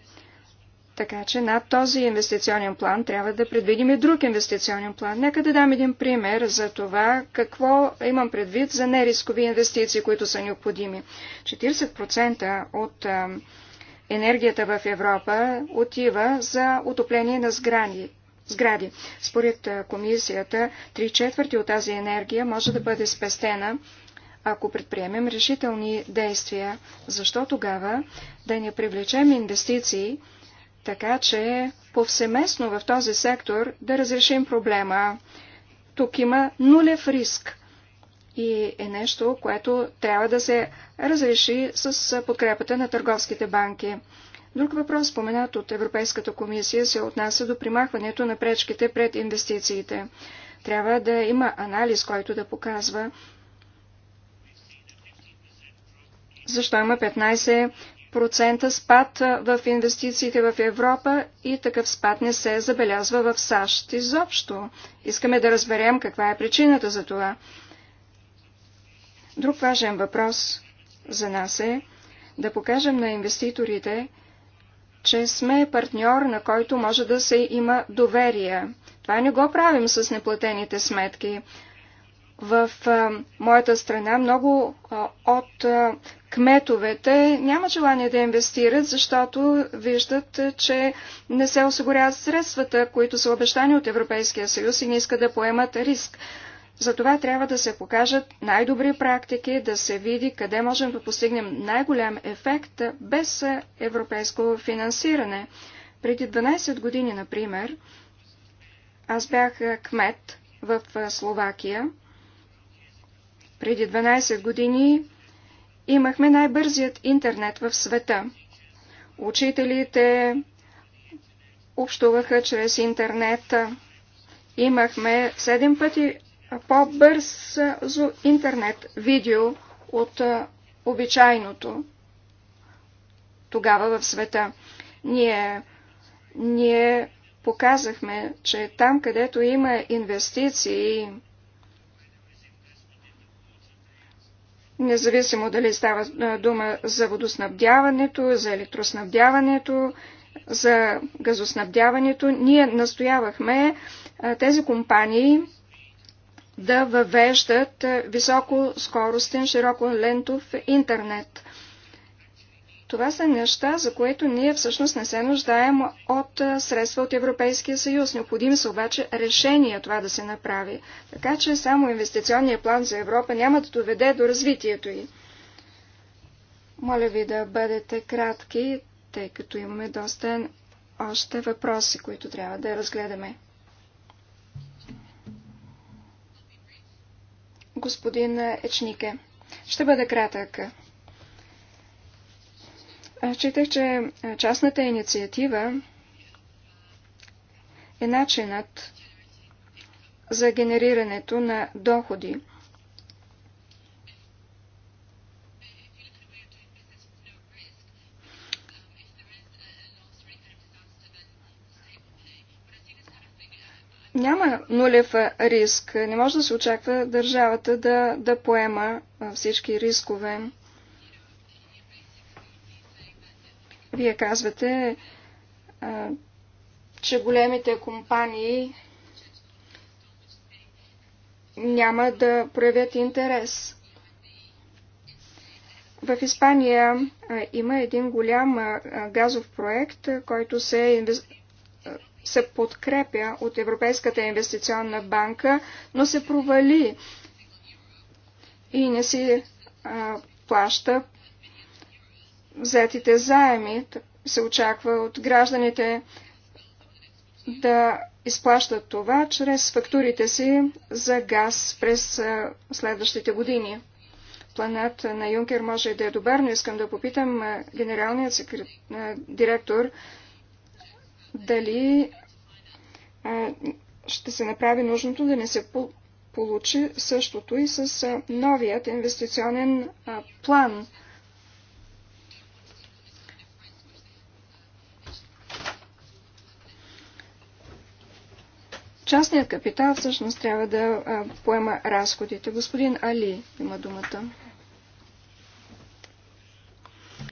S1: Така че над този инвестиционен план трябва да предвидим и друг инвестиционен план. Нека да дам един пример за това какво имам предвид за нерискови инвестиции, които са необходими. 40% от енергията в Европа отива за отопление на сгради. сгради. Според комисията, три четвърти от тази енергия може да бъде спестена, ако предприемем решителни действия. Защо тогава да не привлечем инвестиции, така че повсеместно в този сектор да разрешим проблема? Тук има нулев риск и е нещо, което трябва да се разреши с подкрепата на търговските банки. Друг въпрос, споменат от Европейската комисия, се отнася до примахването на пречките пред инвестициите. Трябва да има анализ, който да показва защо има 15% спад в инвестициите в Европа и такъв спад не се забелязва в САЩ изобщо. Искаме да разберем каква е причината за това. Друг важен въпрос за нас е да покажем на инвеститорите, че сме партньор, на който може да се има доверие. Това не го правим с неплатените сметки. В а, моята страна много а, от а, кметовете нямат желание да инвестират, защото виждат, че не се осигуряват средствата, които са обещани от Европейския съюз и не искат да поемат риск. Затова трябва да се покажат най-добри практики, да се види къде можем да постигнем най-голям ефект без европейско финансиране. Преди 12 години, например, аз бях кмет в Словакия. Преди 12 години имахме най-бързият интернет в света. Учителите общуваха чрез интернет. Имахме 7 пъти по-бързо интернет видео от обичайното тогава в света. Ние, ние показахме, че там, където има инвестиции, независимо дали става дума за водоснабдяването, за електроснабдяването, за газоснабдяването, ние настоявахме тези компании да въвеждат е, високоскоростен широколентов интернет. Това са неща, за които ние всъщност не се нуждаем от е, средства от Европейския съюз. Необходим са обаче решения това да се направи. Така че само инвестиционния план за Европа няма да доведе до развитието й. Моля ви да бъдете кратки, тъй като имаме доста още въпроси, които трябва да разгледаме. господин Ечнике. Ще бъда кратък. Четах, че частната инициатива е начинът за генерирането на доходи – няма нулев риск. Не може да се очаква държавата да, да поема всички рискове. Вие казвате, че големите компании няма да проявят интерес. В Испания има един голям газов проект, който се се подкрепя от Европейската инвестиционна банка, но се провали и не си а, плаща взетите заеми. Се очаква от гражданите да изплащат това чрез фактурите си за газ през а, следващите години. Планът на Юнкер може да е добър, но искам да попитам генералният секрет, директор дали ще се направи нужното да не се получи същото и с новият инвестиционен план. Частният капитал всъщност трябва да поема разходите. Господин Али има думата.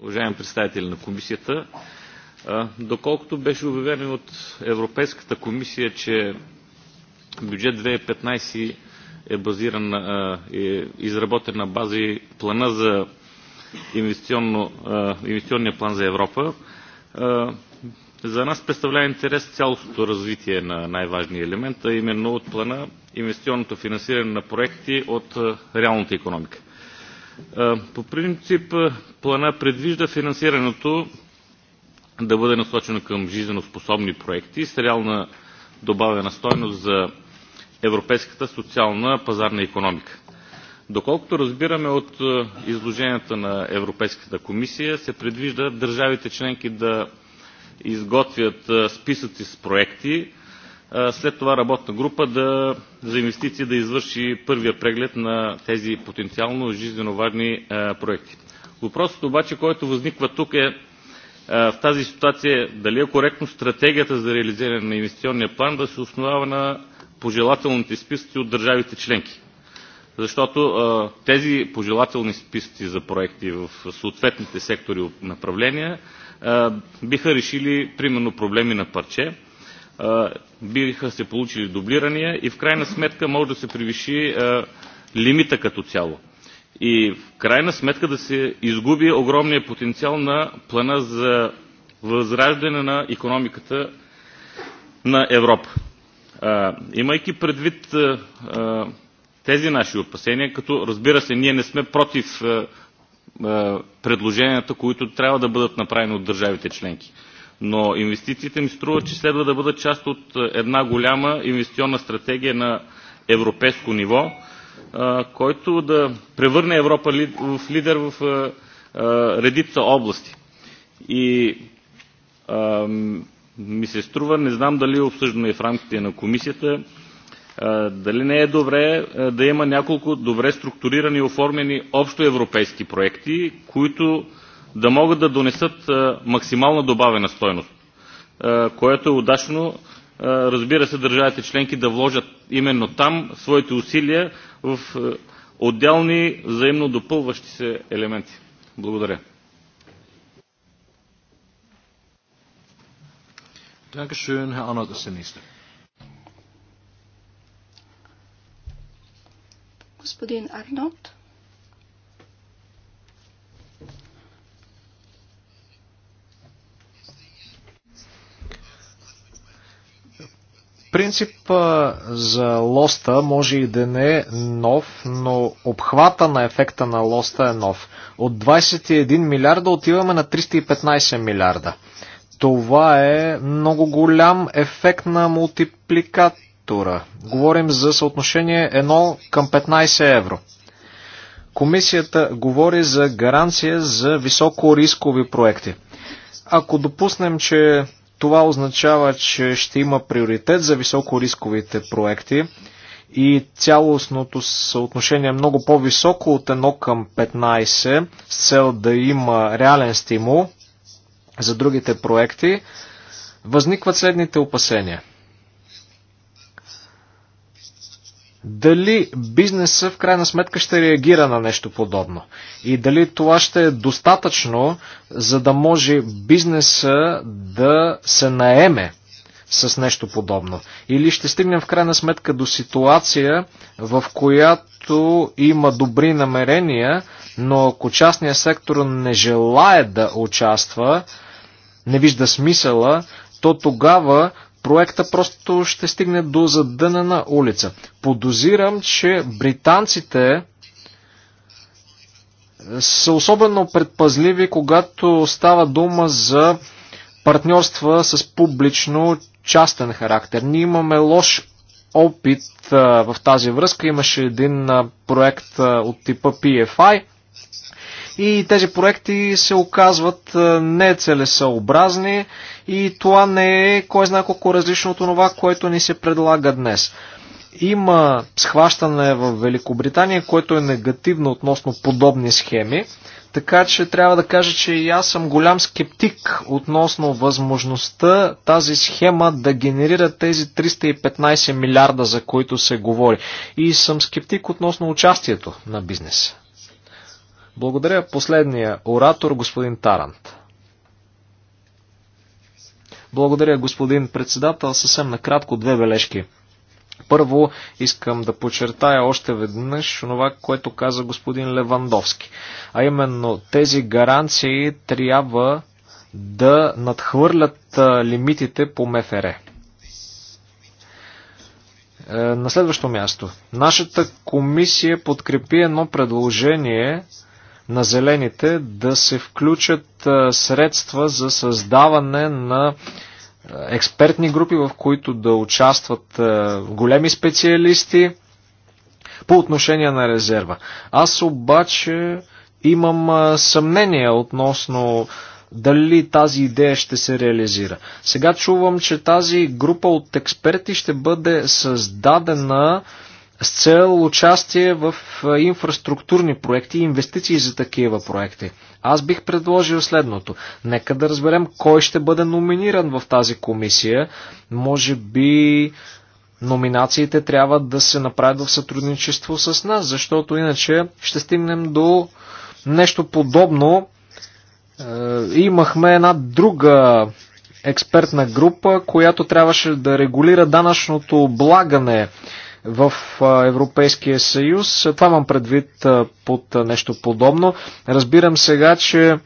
S4: Уважаем представители на комисията, Доколкото беше обявено от Европейската комисия, че бюджет 2015 е, базиран, е изработен на база плана за инвестиционния план за Европа, за нас представлява интерес цялостното развитие на най-важния елемент, а именно от плана инвестиционното финансиране на проекти от реалната економика. По принцип, плана предвижда финансирането да бъде насочено към жизненоспособни проекти с реална добавена стойност за европейската социална пазарна економика. Доколкото разбираме от е, изложенията на Европейската комисия, се предвижда държавите членки да изготвят е, списъци с проекти, е, след това работна група да, за инвестиции да извърши първия преглед на тези потенциално жизненно важни проекти. Въпросът обаче, който възниква тук е е, в тази ситуация дали е коректно стратегията за реализиране на инвестиционния план да се основава на пожелателните списъци от държавите членки. Защото е, тези пожелателни списъци за проекти в съответните сектори от направления е, биха решили примерно проблеми на парче, биха се получили дублирания и в крайна сметка може да се превиши лимита като цяло и в крайна сметка да се изгуби огромния потенциал на плана за възраждане на економиката на Европа. А, имайки предвид а, тези наши опасения, като разбира се, ние не сме против а, а, предложенията, които трябва да бъдат направени от държавите членки. Но инвестициите ми струва, че следва да бъдат част от една голяма инвестиционна стратегия на европейско ниво, който да превърне Европа в лидер в редица области. И ми се струва, не знам дали е обсъждано и в рамките на комисията, дали не е добре да има няколко добре структурирани и оформени общоевропейски проекти, които да могат да донесат максимална добавена стойност, което е удачно разбира се, държавите членки да вложат именно там своите усилия в е, отделни взаимно допълващи се елементи. Благодаря. Dankeschön, Herr Arnold ist der Nächste.
S1: Господин Арнот.
S2: Принцип за лоста може и да не е нов, но обхвата на ефекта на лоста е нов. От 21 милиарда отиваме на 315 милиарда. Това е много голям ефект на мултипликатора. Говорим за съотношение 1 към 15 евро. Комисията говори за гаранция за високо рискови проекти. Ако допуснем, че това означава, че ще има приоритет за високорисковите проекти и цялостното съотношение е много по-високо от 1 към 15 с цел да има реален стимул за другите проекти. Възникват следните опасения – дали бизнеса в крайна сметка ще реагира на нещо подобно и дали това ще е достатъчно, за да може бизнеса да се наеме с нещо подобно. Или ще стигнем в крайна сметка до ситуация, в която има добри намерения, но ако частният сектор не желая да участва, не вижда смисъла, то тогава проекта просто ще стигне до задънена улица. Подозирам, че британците са особено предпазливи, когато става дума за партньорства с публично-частен характер. Ние имаме лош опит в тази връзка. Имаше един проект от типа PFI – и тези проекти се оказват е, нецелесъобразни и това не е кой знае колко различно от това, което ни се предлага днес. Има схващане в Великобритания, което е негативно относно подобни схеми, така че трябва да кажа, че и аз съм голям скептик относно възможността тази схема да генерира тези 315 милиарда, за които се говори. И съм скептик относно участието на бизнеса. Благодаря последния оратор, господин Тарант. Благодаря, господин председател. Съвсем накратко две бележки. Първо, искам да подчертая още веднъж това, което каза господин Левандовски. А именно, тези гаранции трябва да надхвърлят
S4: лимитите
S2: по МФР. Е, на следващо място. Нашата комисия подкрепи едно предложение, на зелените да се включат средства за създаване на експертни групи, в които да участват големи специалисти по отношение на резерва. Аз обаче имам съмнение относно дали тази идея ще се реализира. Сега чувам, че тази група от експерти ще бъде създадена с цел участие в инфраструктурни проекти и инвестиции за такива проекти. Аз бих предложил следното. Нека да разберем кой ще бъде номиниран в тази комисия. Може би номинациите трябва да се направят в сътрудничество с нас, защото иначе ще стигнем до нещо подобно. Е, имахме една друга експертна група, която трябваше да регулира данъчното облагане в Европейския съюз. Това имам предвид под нещо подобно. Разбирам сега, че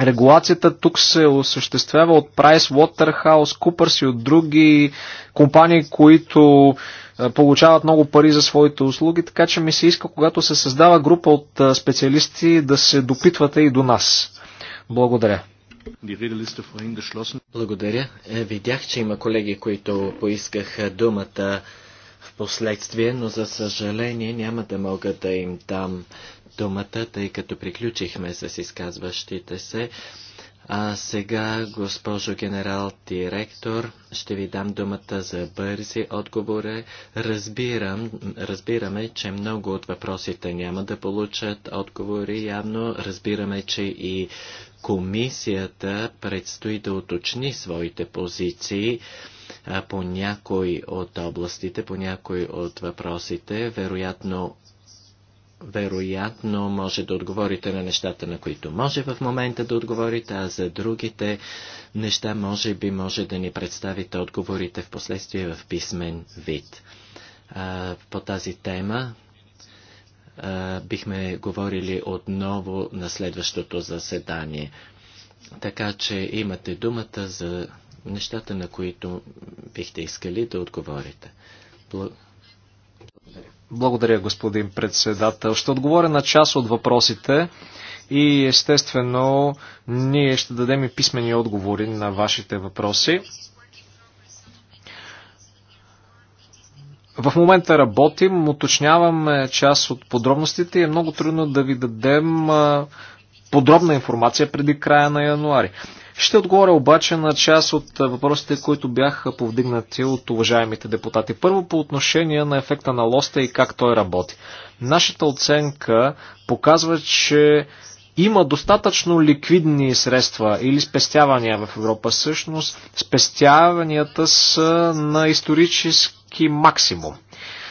S2: Регулацията тук се осъществява от Coopers и от други компании, които получават много пари за своите услуги, така че ми се иска, когато се създава група от специалисти, да се допитвате и до нас. Благодаря.
S3: Благодаря. Е, видях, че има колеги, които поискаха думата последствие, но за съжаление няма да мога да им дам думата, тъй като приключихме с изказващите се. А сега, госпожо генерал директор, ще ви дам думата за бързи отговори. Разбирам, разбираме, че много от въпросите няма да получат отговори явно. Разбираме, че и комисията предстои да уточни своите позиции по някой от областите, по някой от въпросите. Вероятно, вероятно може да отговорите на нещата, на които може в момента да отговорите, а за другите неща може би може да ни представите отговорите в последствие в писмен вид. А, по тази тема а, бихме говорили отново на следващото заседание. Така че имате думата за нещата,
S2: на които бихте искали да отговорите. Благодаря. Благодаря, господин председател. Ще отговоря на част от въпросите и естествено ние ще дадем и писмени отговори на вашите въпроси. В момента работим, уточняваме част от подробностите и е много трудно да ви дадем подробна информация преди края на януари. Ще отговоря обаче на част от въпросите, които бяха повдигнати от уважаемите депутати. Първо по отношение на ефекта на лоста и как той работи. Нашата оценка показва, че има достатъчно ликвидни средства или спестявания в Европа. Всъщност спестяванията са на исторически максимум.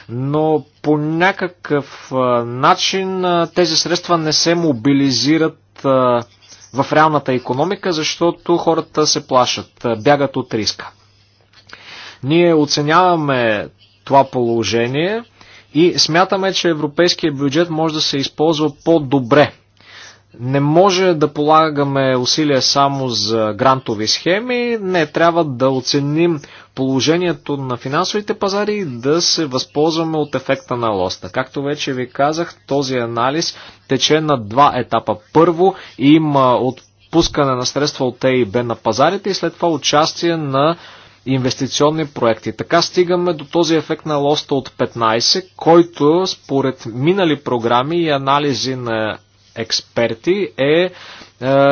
S2: Но по някакъв начин тези средства не се мобилизират в реалната економика, защото хората се плашат, бягат от риска. Ние оценяваме това положение и смятаме, че европейския бюджет може да се използва по-добре не може да полагаме усилия само за грантови схеми, не трябва да оценим положението на финансовите пазари и да се възползваме от ефекта на лоста. Както вече ви казах, този анализ тече на два етапа. Първо има отпускане на средства от и Б на пазарите и след това участие на инвестиционни проекти. Така стигаме до този ефект на лоста от 15, който според минали програми и анализи на експерти е, е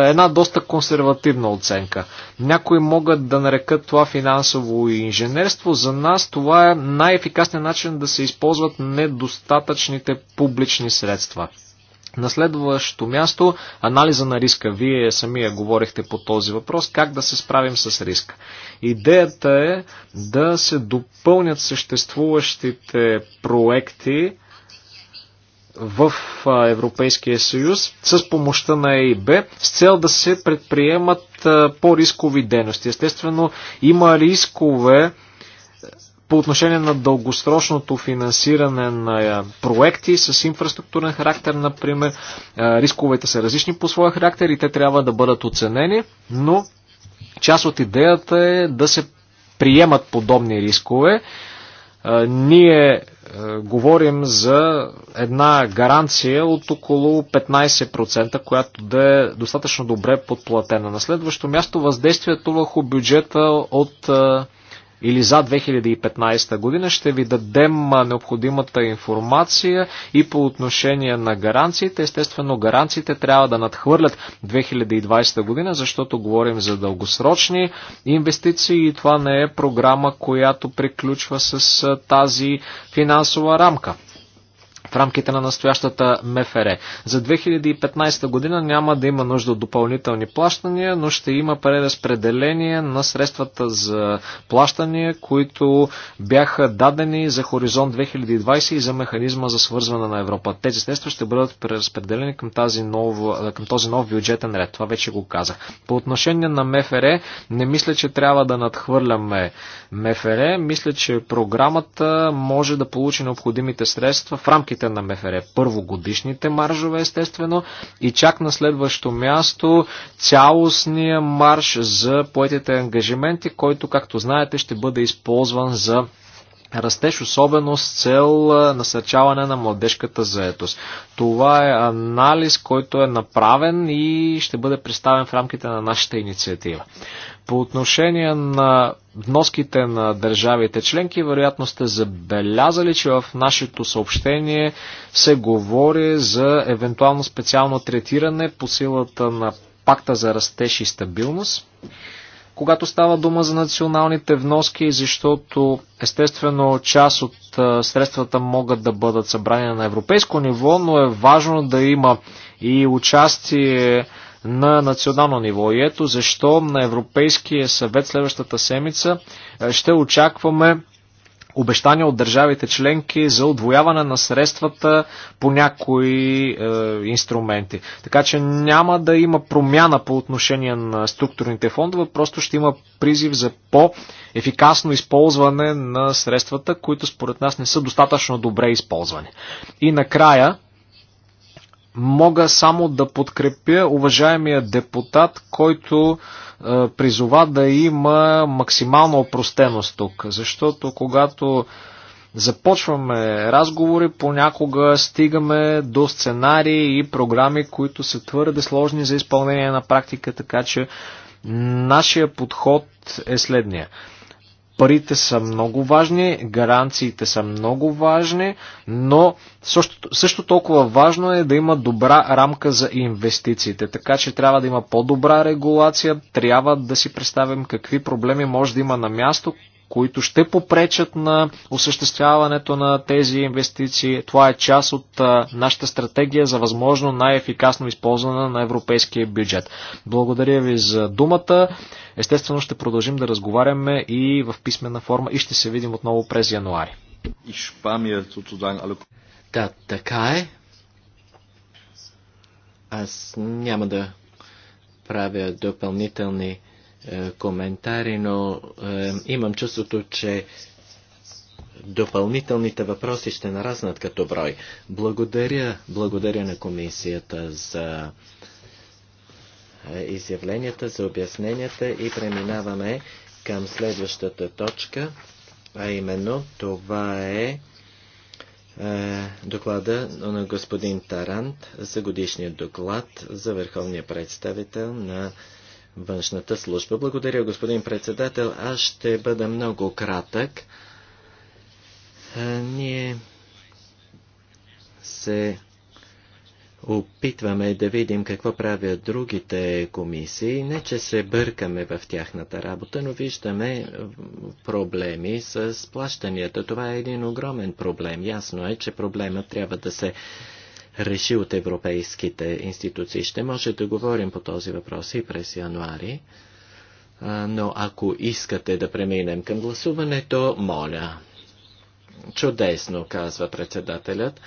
S2: една доста консервативна оценка. Някои могат да нарекат това финансово инженерство. За нас това е най-ефикасният начин да се използват недостатъчните публични средства. На следващо място, анализа на риска. Вие самия говорихте по този въпрос, как да се справим с риска. Идеята е да се допълнят съществуващите проекти, в Европейския съюз с помощта на ЕИБ с цел да се предприемат по-рискови дейности. Естествено, има рискове по отношение на дългосрочното финансиране на проекти с инфраструктурен характер, например, рисковете са различни по своя характер и те трябва да бъдат оценени, но част от идеята е да се приемат подобни рискове ние е, говорим за една гаранция от около 15%, която да е достатъчно добре подплатена. На следващо място въздействието върху бюджета от е, или за 2015 година. Ще ви дадем необходимата информация и по отношение на гаранциите. Естествено, гаранциите трябва да надхвърлят 2020 година, защото говорим за дългосрочни инвестиции и това не е програма, която приключва с тази финансова рамка в рамките на настоящата МФР. За 2015 година няма да има нужда от допълнителни плащания, но ще има преразпределение на средствата за плащания, които бяха дадени за Хоризонт 2020 и за механизма за свързване на Европа. Тези средства ще бъдат преразпределени към, тази нов, към този нов бюджетен ред. Това вече го казах. По отношение на МФР, не мисля, че трябва да надхвърляме МФР. Мисля, че програмата може да получи необходимите средства в рамките рамките на МФР. Първо годишните маржове, естествено, и чак на следващо място цялостния марш за поетите ангажименти, който, както знаете, ще бъде използван за растеж, особено с цел насърчаване на младежката заетост. Това е анализ, който е направен и ще бъде представен в рамките на нашата инициатива. По отношение на вноските на държавите членки, вероятно сте забелязали, че в нашето съобщение се говори за евентуално специално третиране по силата на пакта за растеж и стабилност когато става дума за националните вноски, защото естествено част от средствата могат да бъдат събрани на европейско ниво, но е важно да има и участие на национално ниво. И ето защо на Европейския съвет следващата седмица ще очакваме обещания от държавите членки за отвояване на средствата по някои е, инструменти. Така че няма да има промяна по отношение на структурните фондове, просто ще има призив за по-ефикасно използване на средствата, които според нас не са достатъчно добре използвани. И накрая, мога само да подкрепя уважаемия депутат, който е, призова да има максимална опростеност тук, защото когато започваме разговори, понякога стигаме до сценарии и програми, които са твърде сложни за изпълнение на практика, така че нашия подход е следния. Парите са много важни, гаранциите са много важни, но също, също толкова важно е да има добра рамка за инвестициите. Така че трябва да има по-добра регулация, трябва да си представим какви проблеми може да има на място, които ще попречат на осъществяването на тези инвестиции. Това е част от нашата стратегия за възможно най-ефикасно използване на европейския бюджет. Благодаря ви за думата. Естествено ще продължим да разговаряме и в писмена форма и ще се видим отново през януари. Да, така е. Аз няма да
S3: правя допълнителни е, коментари, но е, имам чувството, че допълнителните въпроси ще нараснат като брой. Благодаря, благодаря на комисията за е, изявленията, за обясненията и преминаваме към следващата точка, а именно това е, е доклада на господин Тарант за годишния доклад за върховния представител на външната служба. Благодаря, господин председател. Аз ще бъда много кратък. А, е, ние се опитваме да видим какво правят другите комисии. Не, че се бъркаме в тяхната работа, но виждаме проблеми с плащанията. Това е един огромен проблем. Ясно е, че проблемът трябва да се реши от европейските институции. Ще може да говорим по този въпрос и през януари, но ако искате да преминем към гласуването, моля. Чудесно, казва председателят.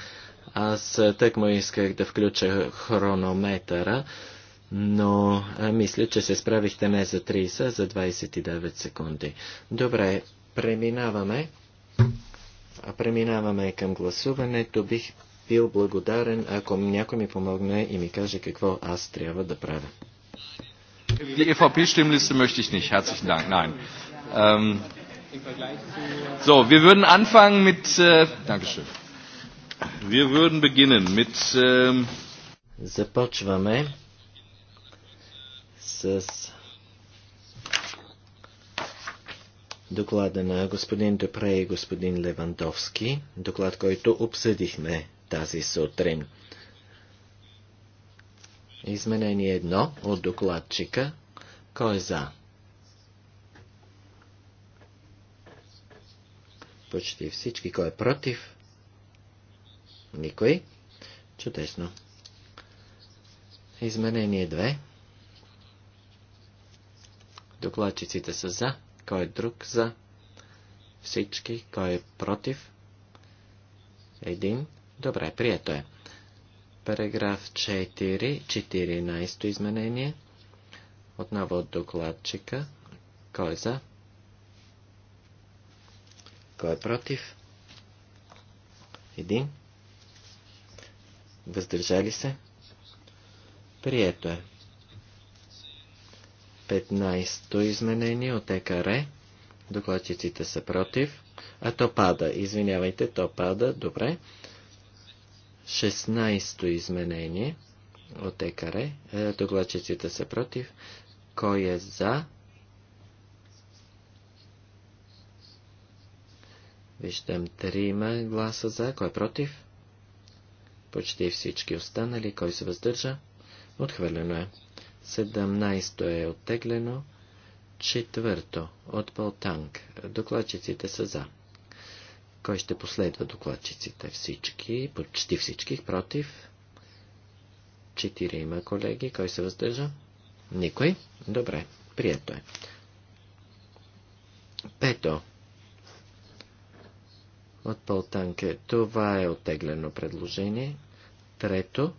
S3: Аз тък му исках да включа хронометъра, но мисля, че се справихте не за 30, а за 29 секунди. Добре, преминаваме. преминаваме към гласуването. Бих бил благодарен, ако някой ми помогне и ми каже какво аз трябва да
S4: правя. Die EVP-Stimmliste möchte ich nicht. Herzlichen Dank. Nein. Ähm, so, wir würden anfangen mit. Äh, Dankeschön. Wir würden beginnen mit. Ähm,
S3: доклада на господин Депре и господин Левандовски, доклад, който обсъдихме тази сутрин. Изменение едно от докладчика. Кой е за? Почти всички. Кой е против? Никой. Чудесно. Изменение 2. Докладчиците са за. Кой е друг за? Всички. Кой е против? Един. Добре, прието е. Параграф 4, 14 изменение. Отново от докладчика. Кой е за? Кой е против? Един. Въздържали се? Прието е. 15-то изменение от ЕКР. Докладчиците са против. А то пада. Извинявайте, то пада. Добре. 16-то изменение от ЕКАРЕ. Докладчиците са против. Кой е за? Виждам трима гласа за. Кой е против? Почти всички останали. Кой се въздържа? Отхвърлено е. 17-то е оттеглено. Четвърто от полтанг. Докладчиците са за. Кой ще последва докладчиците? Всички, почти всички, против. Четири има колеги. Кой се въздържа? Никой? Добре, прието е. Пето. От Полтанке. Това е оттеглено предложение. Трето.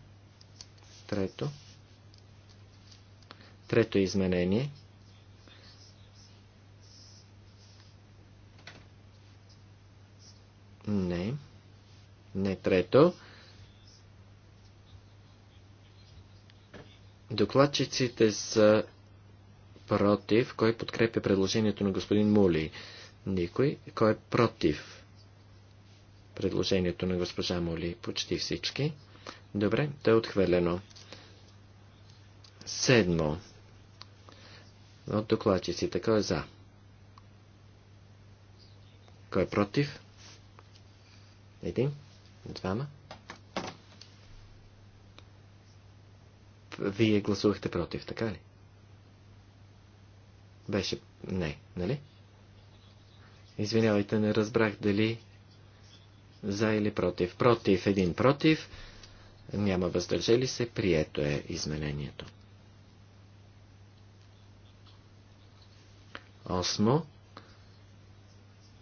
S3: Трето. Трето изменение. Не. Не трето. Докладчиците са против. Кой подкрепя предложението на господин Мули? Никой. Кой е против предложението на госпожа Мули? Почти всички. Добре, то е отхвърлено. Седмо. От докладчиците. Кой е за? Кой е против? Един? Двама? Вие гласувахте против, така ли? Беше... Не, нали? Извинявайте, не разбрах дали за или против. Против, един против, няма въздържали се, прието е изменението. Осмо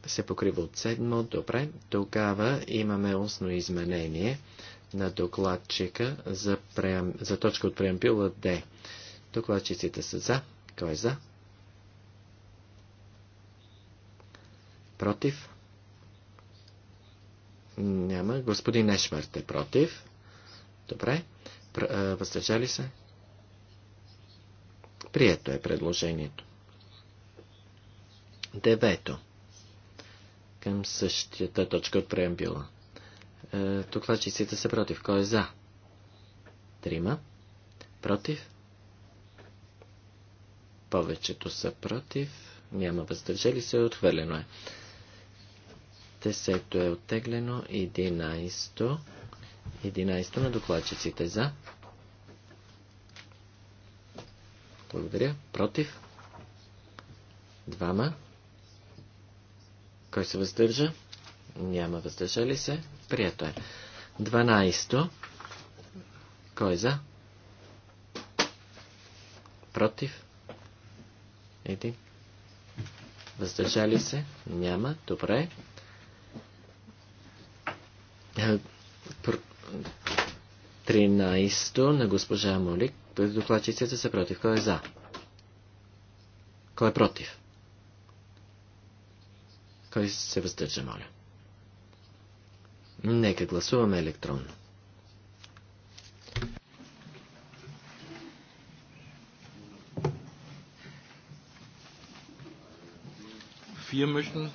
S3: се покрива от седмо. Добре, тогава имаме устно изменение на докладчика за, преам... за точка от преамбюла Д. Докладчиците са за. Кой е за? Против? Няма. Господин Ешмарт е против. Добре. Пр... Въздържали се? Прието е предложението. Девето към същата точка от преамбюла. Докладчиците е, са против. Кой е за? Трима. Против? Повечето са против. Няма въздържали се. Отхвърлено е. Десето е оттеглено. Единайсто. Единайсто на докладчиците за. Благодаря. Против? Двама. Кой се въздържа? Няма въздържали се. Прието е. 12. Кой е за? Против? Един. Въздържали се? Няма. Добре. Тринайсто на госпожа Молик. Докладчиците са против. Кой е за? Кой е против? Кой се въздържа, моля? Нека гласуваме електронно.
S4: Vier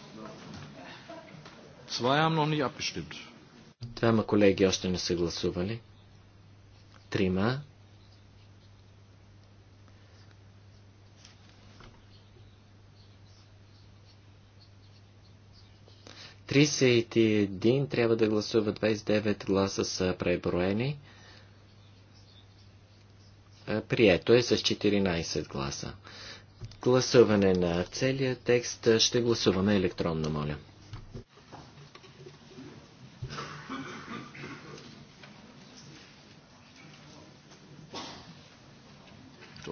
S4: Двама
S3: колеги още не са гласували. Трима. 31 трябва да гласува 29 гласа са преброени. Прието е с 14 гласа. Гласуване на целият текст ще гласуваме електронно, моля.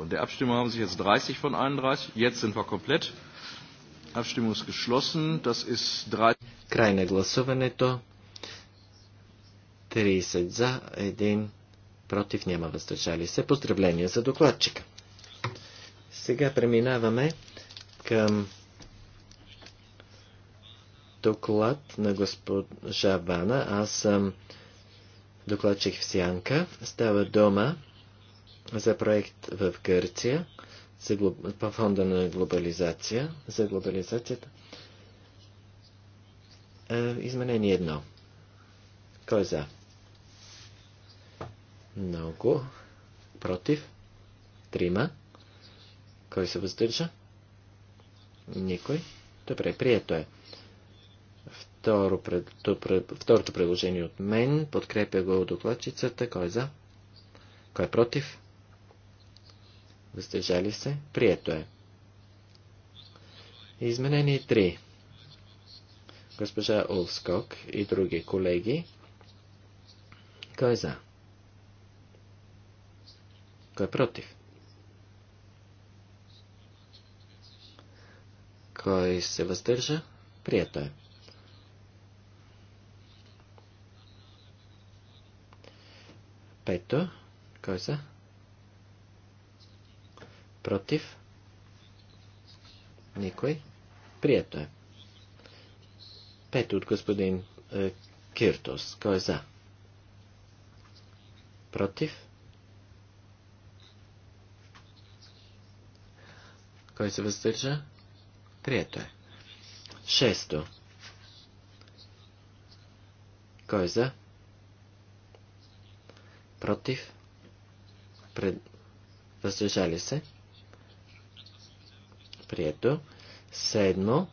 S4: Und der Abstimmung haben sich jetzt 30 von 31. Jetzt sind wir komplett. Abstimmung
S3: ist geschlossen. Das ist 30. Край на гласуването. 30 за, 1 против, няма въздържали се. Поздравления за докладчика. Сега преминаваме към доклад на госпожа Вана. Аз съм докладчик в Сянка. Става дома за проект в Гърция, за глоб... по фонда на глобализация, за глобализацията. Е, изменение едно. Кой е за? Много. Против? Трима. Кой се въздържа? Никой. Добре, прието е. Второ, пред, пред, второто предложение от мен. Подкрепя го докладчицата. Кой е за? Кой е против? Въздържали се? Прието е. Изменение 3 госпожа Олскок и други колеги. Кой е за? Кой е против? Кой се въздържа? Прието е. Пето. Кой е за? Против? Никой. Прието е. Пет от господин е, Киртос. Кой е за? Против? Кой се въздържа? Прието е. Шесто. Кой е за? Против? Пред... Въздържали се? Прието. Седмо.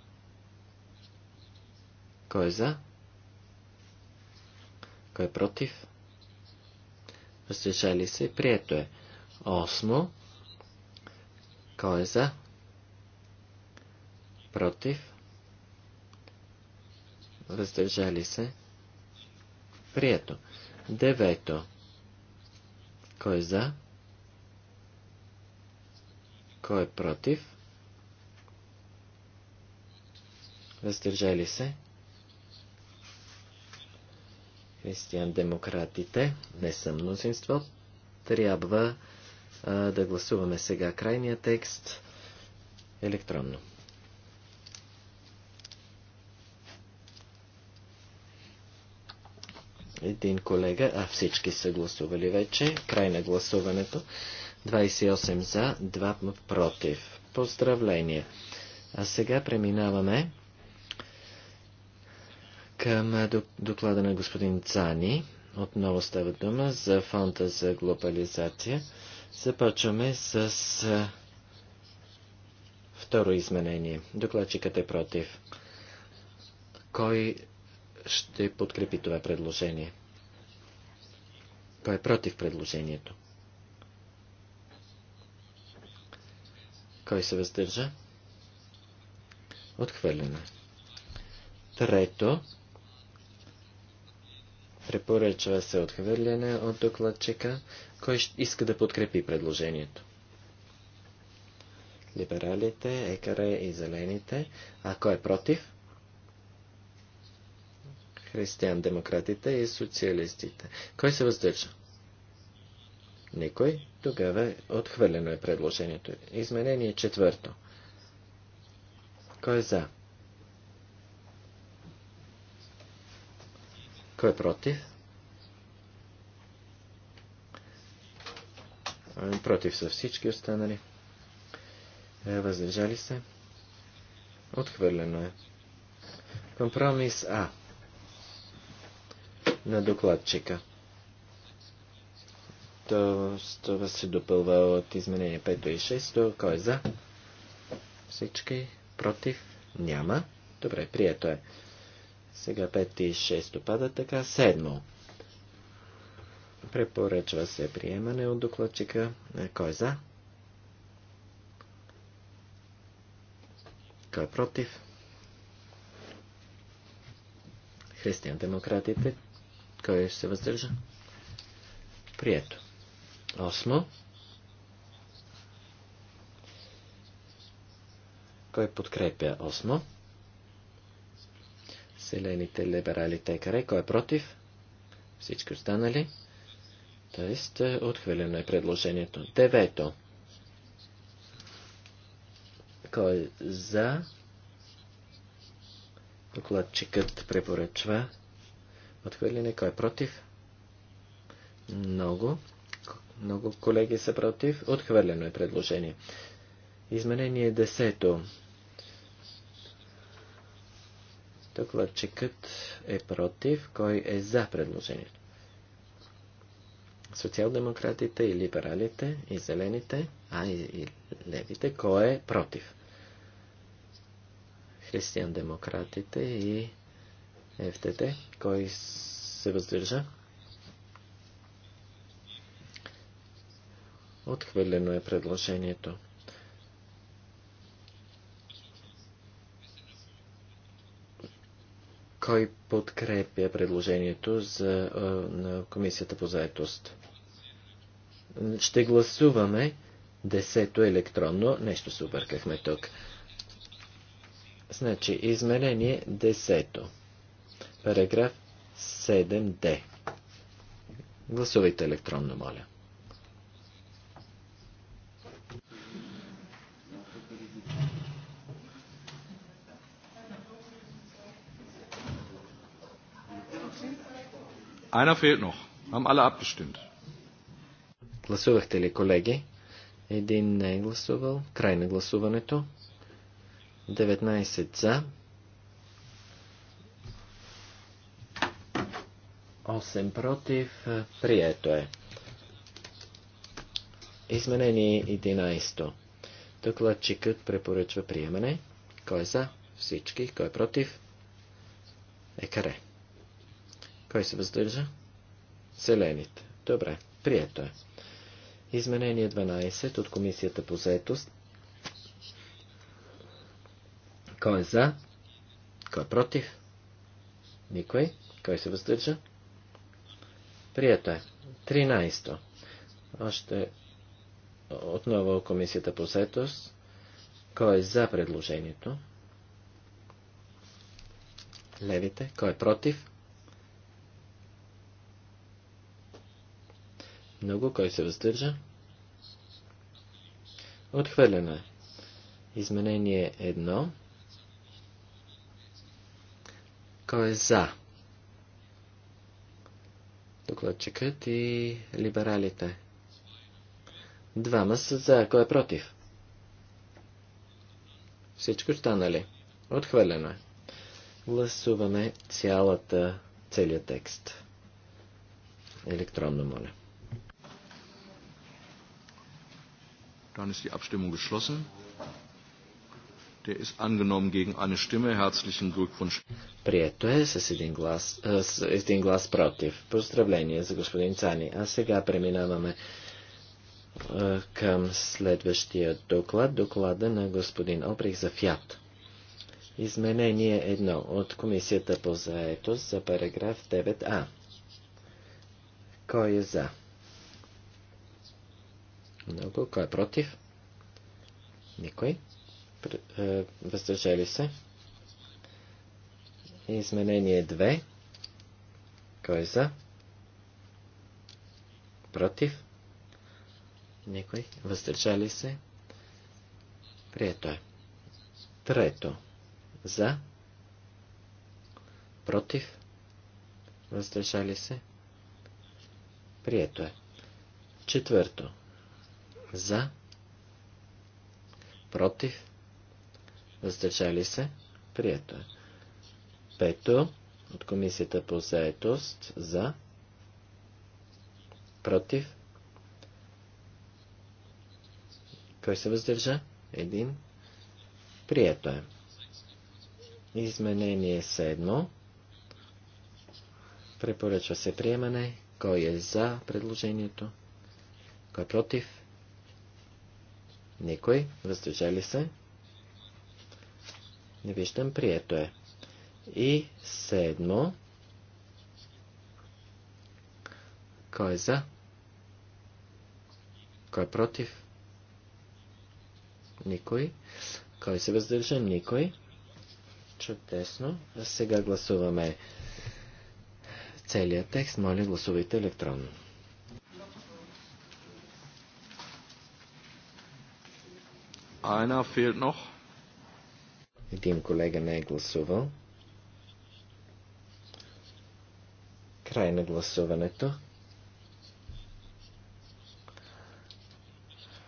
S3: Кой е за? Кой е против? Въздържали се. Прието е. Осмо. Кой е за? Против? Въздържали се. Прието. Девето. Кой е за? Кой е против? Въздържали се християн-демократите, не са мнозинство, трябва а, да гласуваме сега крайния текст електронно. Един колега, а всички са гласували вече. Край на гласуването. 28 за, 2 против. Поздравление! А сега преминаваме към доклада на господин Цани. Отново става дума за фонда за глобализация. Започваме с второ изменение. Докладчикът е против. Кой ще подкрепи това предложение? Кой е против предложението? Кой се въздържа? Отхвърлено. Трето Препоръчва се отхвърляне от докладчика. Кой иска да подкрепи предложението? Либералите, екаре и зелените. А кой е против? Християн-демократите и социалистите. Кой се въздържа? Никой. Тогава отхвърлено е предложението. Изменение четвърто. Кой е за? Кой е против? Ами, против са всички останали. Е, въздържали се. Отхвърлено е. Компромис А. На докладчика. То, това се допълва от изменение 5 и 6. Кой е за? Всички. Против? Няма. Добре, прието е. Сега пето и шесто опадат, така седмо. Препоръчва се приемане от докладчика. Кой е за? Кой е против? Християн-демократите. Кой ще се въздържа? Прието. Осмо. Кой подкрепя осмо? Зелените, либерали, те каре. Кой е против? Всички останали. Тоест, е, отхвърлено е предложението. Девето. Кой е за? Докладчикът препоръчва. Отхвърляне. Кой е против? Много. Много колеги са против. Отхвърлено е предложение. Изменение десето. Тук Докладчикът е против. Кой е за предложението? Социал-демократите и либералите и зелените, а и, и левите. Кой е против? Християн-демократите и ФТТ. Кой се въздържа? Отхвърлено е предложението. Кой подкрепя предложението за, на Комисията по заедост? Ще гласуваме десето електронно. Нещо се объркахме тук. Значи, изменение десето. Параграф 7D. Гласувайте електронно, моля. Einer fehlt noch. Haben alle abgestimmt. Гласувахте ли, колеги? Един не е гласувал. Край на гласуването. 19 за. 8 против. Прието е. Изменение 11. Докладчикът препоръчва приемане. Кой е за? Всички. Кой е против? Екаре. Кой се въздържа? Зелените. Добре, прието е. Изменение 12 от Комисията по заетост. Кой е за? Кой е против? Никой. Кой се въздържа? Прието е. 13. Още отново Комисията по заетост. Кой е за предложението? Левите. Кой е против? Много. Кой се въздържа? Отхвърлено е. Изменение едно. Кой е за? Докладчикът и либералите. Двама са за. Кой е против? Всичко станали. Отхвърлено е. Гласуваме цялата, целият текст.
S4: Електронно, моля. Dann ist die Abstimmung geschlossen. Der ist angenommen gegen eine Stimme.
S3: Herzlichen Glückwunsch. Прието е с един глас, с един глас против. Поздравление за господин Цани. А сега преминаваме към следващия доклад. Доклада на господин Обрих за Фиат. Изменение едно от Комисията по заетост за параграф 9а. Кой е за? Много. Кой е против? Никой. Е, въздържали се. Изменение 2. Кой е за? Против? Никой. Въздържали се. Прието е. Трето. За. Против. Въздържали се. Прието е. Четвърто за, против, въздържали се, прието е. Пето от комисията по заетост за, против, кой се въздържа? Един, прието е. Изменение седмо. Препоръчва се приемане. Кой е за предложението? Кой е против? Никой? Въздържали се? Не виждам, прието е. И седмо. Кой е за? Кой е против? Никой. Кой се въздържа? Никой. Чудесно. А сега гласуваме целият текст. Моля, гласувайте електронно.
S4: Einer fehlt noch.
S3: Един колега не е гласувал. Край на гласуването.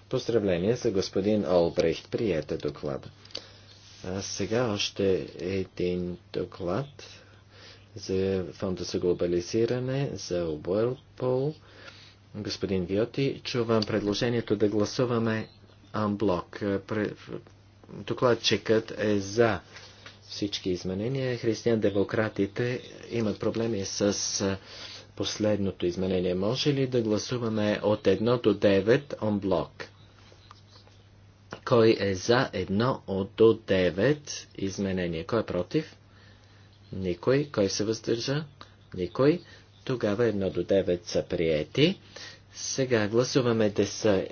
S3: Поздравление за господин Олбрехт. Приете доклада. А сега още един доклад за фонда за глобализиране, за Уорпол. Господин Виоти, чувам предложението да гласуваме амблок. Е, докладчикът е за всички изменения. Християн-демократите имат проблеми с е, последното изменение. Може ли да гласуваме от 1 до 9 блок? Кой е за 1 от до 9 изменение? Кой е против? Никой. Кой се въздържа? Никой. Тогава 1 до 9 са приети. Сега гласуваме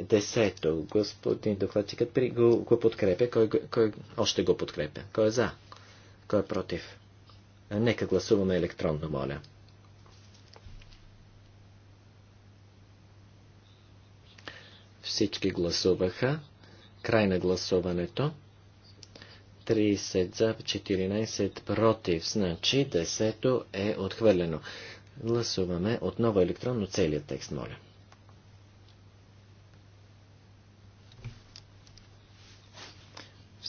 S3: десето. Господин докладчикът го, го подкрепя. Кой, кой още го подкрепя? Кой е за? Кой е против? Нека гласуваме електронно, моля. Всички гласуваха. Край на гласуването. 30 за, 14 против. Значи 10 е отхвърлено. Гласуваме отново електронно целият текст, моля.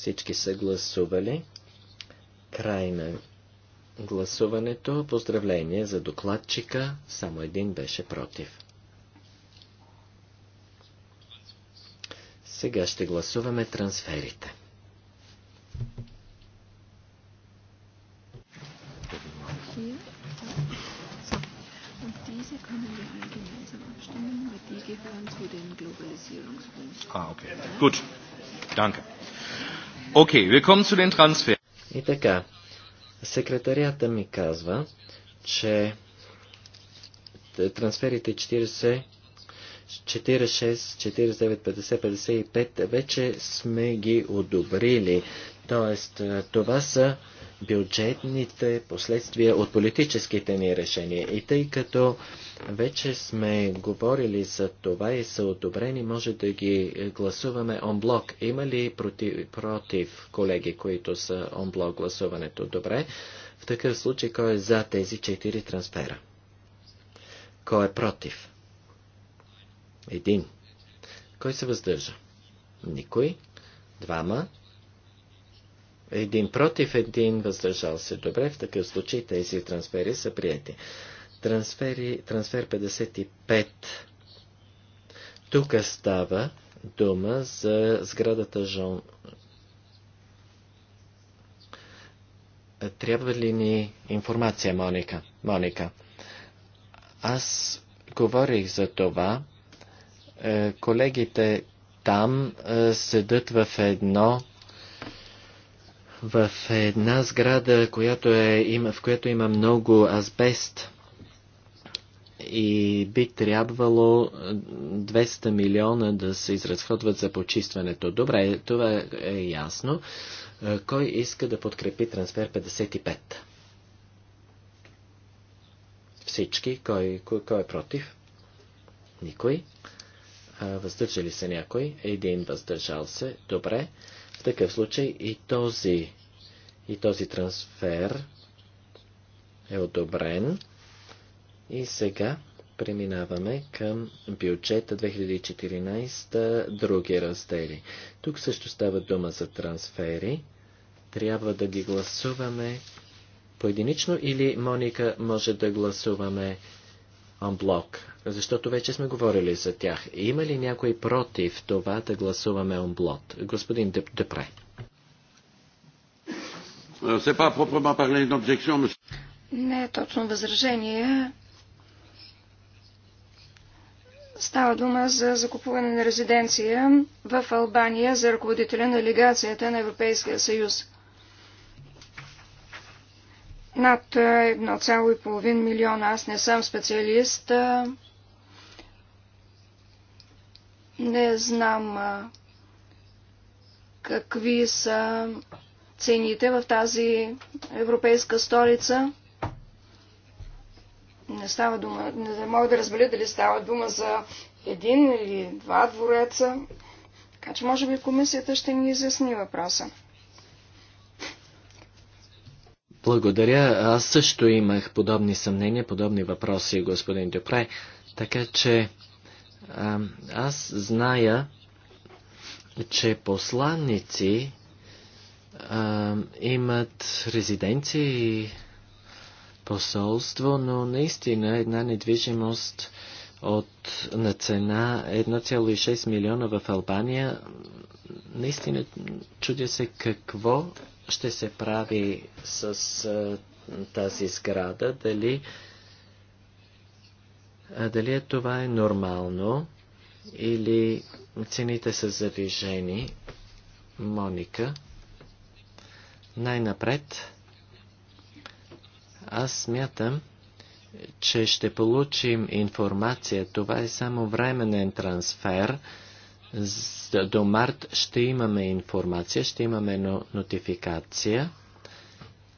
S3: Всички са гласували. Край на гласуването. Поздравление за докладчика. Само един беше против. Сега ще гласуваме трансферите.
S1: Ah, okay. Gut.
S3: Danke. Окей, okay, willkommen zu Transfer. И така, секретарията ми казва, че трансферите 40 46, 49, 50, 55, вече сме ги одобрили. Тоест, това са бюджетните последствия от политическите ни решения. И тъй като вече сме говорили за това и са одобрени, може да ги гласуваме онблок. Има ли против, против колеги, които са онблок гласуването? Добре. В такъв случай, кой е за тези четири трансфера? Кой е против? Един. Кой се въздържа? Никой. Двама. Един против, един въздържал се. Добре, в такъв случай тези трансфери са прияти. Трансфери, трансфер 55. Тук става дума за сградата Жон. Трябва ли ни информация, Моника? Моника. Аз говорих за това. Е, колегите там е, седат в едно в една сграда, която е, има, в която има много азбест и би трябвало 200 е, милиона да се изразходват за почистването. Добре, това е ясно. Е, кой иска да подкрепи трансфер 55? Всички. Кой, кой, кой е против? Никой. въздържали се някой? Един въздържал се. Добре такъв случай и този, и този трансфер е одобрен. И сега преминаваме към бюджета 2014, други раздели. Тук също става дума за трансфери. Трябва да ги гласуваме поединично или Моника може да гласуваме анблок, защото вече сме говорили за тях. Има ли някой против това да гласуваме анблок? Господин Депре.
S1: Euh, Не е точно възражение. Става дума за закупуване на резиденция в Албания за ръководителя на легацията на Европейския съюз над 1,5 е, милиона. Аз не съм специалист. Е, не знам е, какви са цените в тази европейска столица. Не става дума, не мога да разбера дали става дума за един или два двореца. Така че може би комисията ще ни изясни въпроса.
S3: Благодаря. Аз също имах подобни съмнения, подобни въпроси, господин Дюпре. Така че аз зная, че посланници а, имат резиденции и посолство, но наистина една недвижимост от, на цена 1,6 милиона в Албания. Наистина чудя се какво ще се прави с тази сграда, дали, дали е това е нормално или цените са завижени. Моника. Най-напред, аз смятам, че ще получим информация. Това е само временен трансфер. До март ще имаме информация, ще имаме нотификация.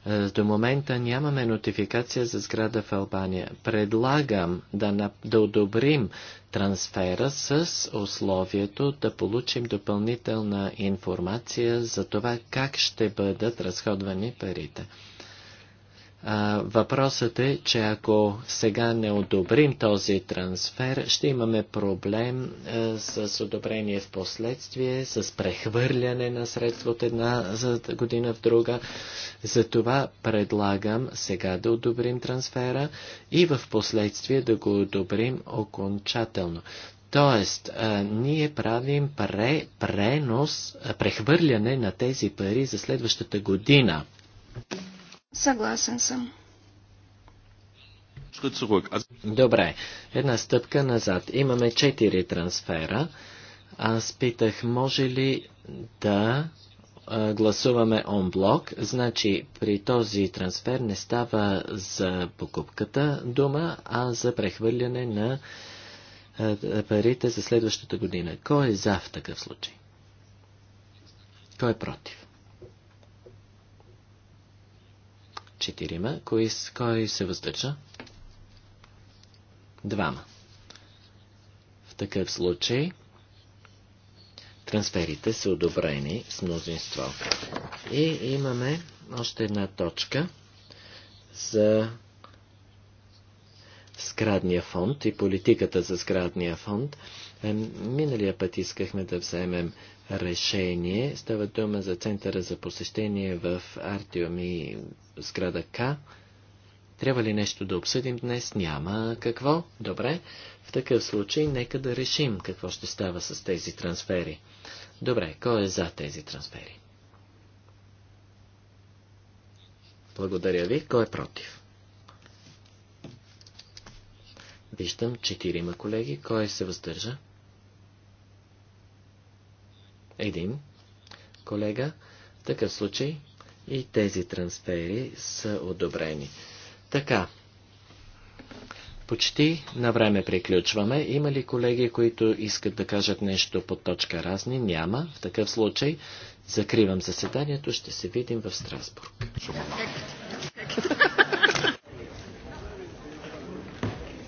S3: Е, до момента нямаме нотификация за сграда в Албания. Предлагам да, на, да одобрим трансфера с условието да получим допълнителна информация за това как ще бъдат разходвани парите. А, въпросът е, че ако сега не одобрим този трансфер, ще имаме проблем а, с одобрение в последствие, с прехвърляне на средства от една година в друга. Затова предлагам сега да одобрим трансфера и в последствие да го одобрим окончателно. Тоест, а, ние правим пре, пренос, прехвърляне на тези пари за следващата година.
S1: Съгласен съм.
S3: Добре, една стъпка назад. Имаме четири трансфера. Аз питах, може ли да гласуваме онблок, значи при този трансфер не става за покупката дума, а за прехвърляне на парите за следващата година. Кой е за в такъв случай? Кой е против? Четирима. Кой, кой се въздържа? Двама. В такъв случай трансферите са одобрени с мнозинство. И имаме още една точка за сградния фонд и политиката за сградния фонд. Е, миналия път искахме да вземем решение. Става дума за центъра за посещение в Артиом и сграда К. Трябва ли нещо да обсъдим днес? Няма какво. Добре. В такъв случай нека да решим какво ще става с тези трансфери. Добре, кой е за тези трансфери? Благодаря ви. Кой е против? Виждам четирима колеги. Кой се въздържа? един колега. В такъв случай и тези трансфери са одобрени. Така, почти на време приключваме. Има ли колеги, които искат да кажат нещо по точка разни? Няма. В такъв случай закривам заседанието. Ще се видим в Страсбург.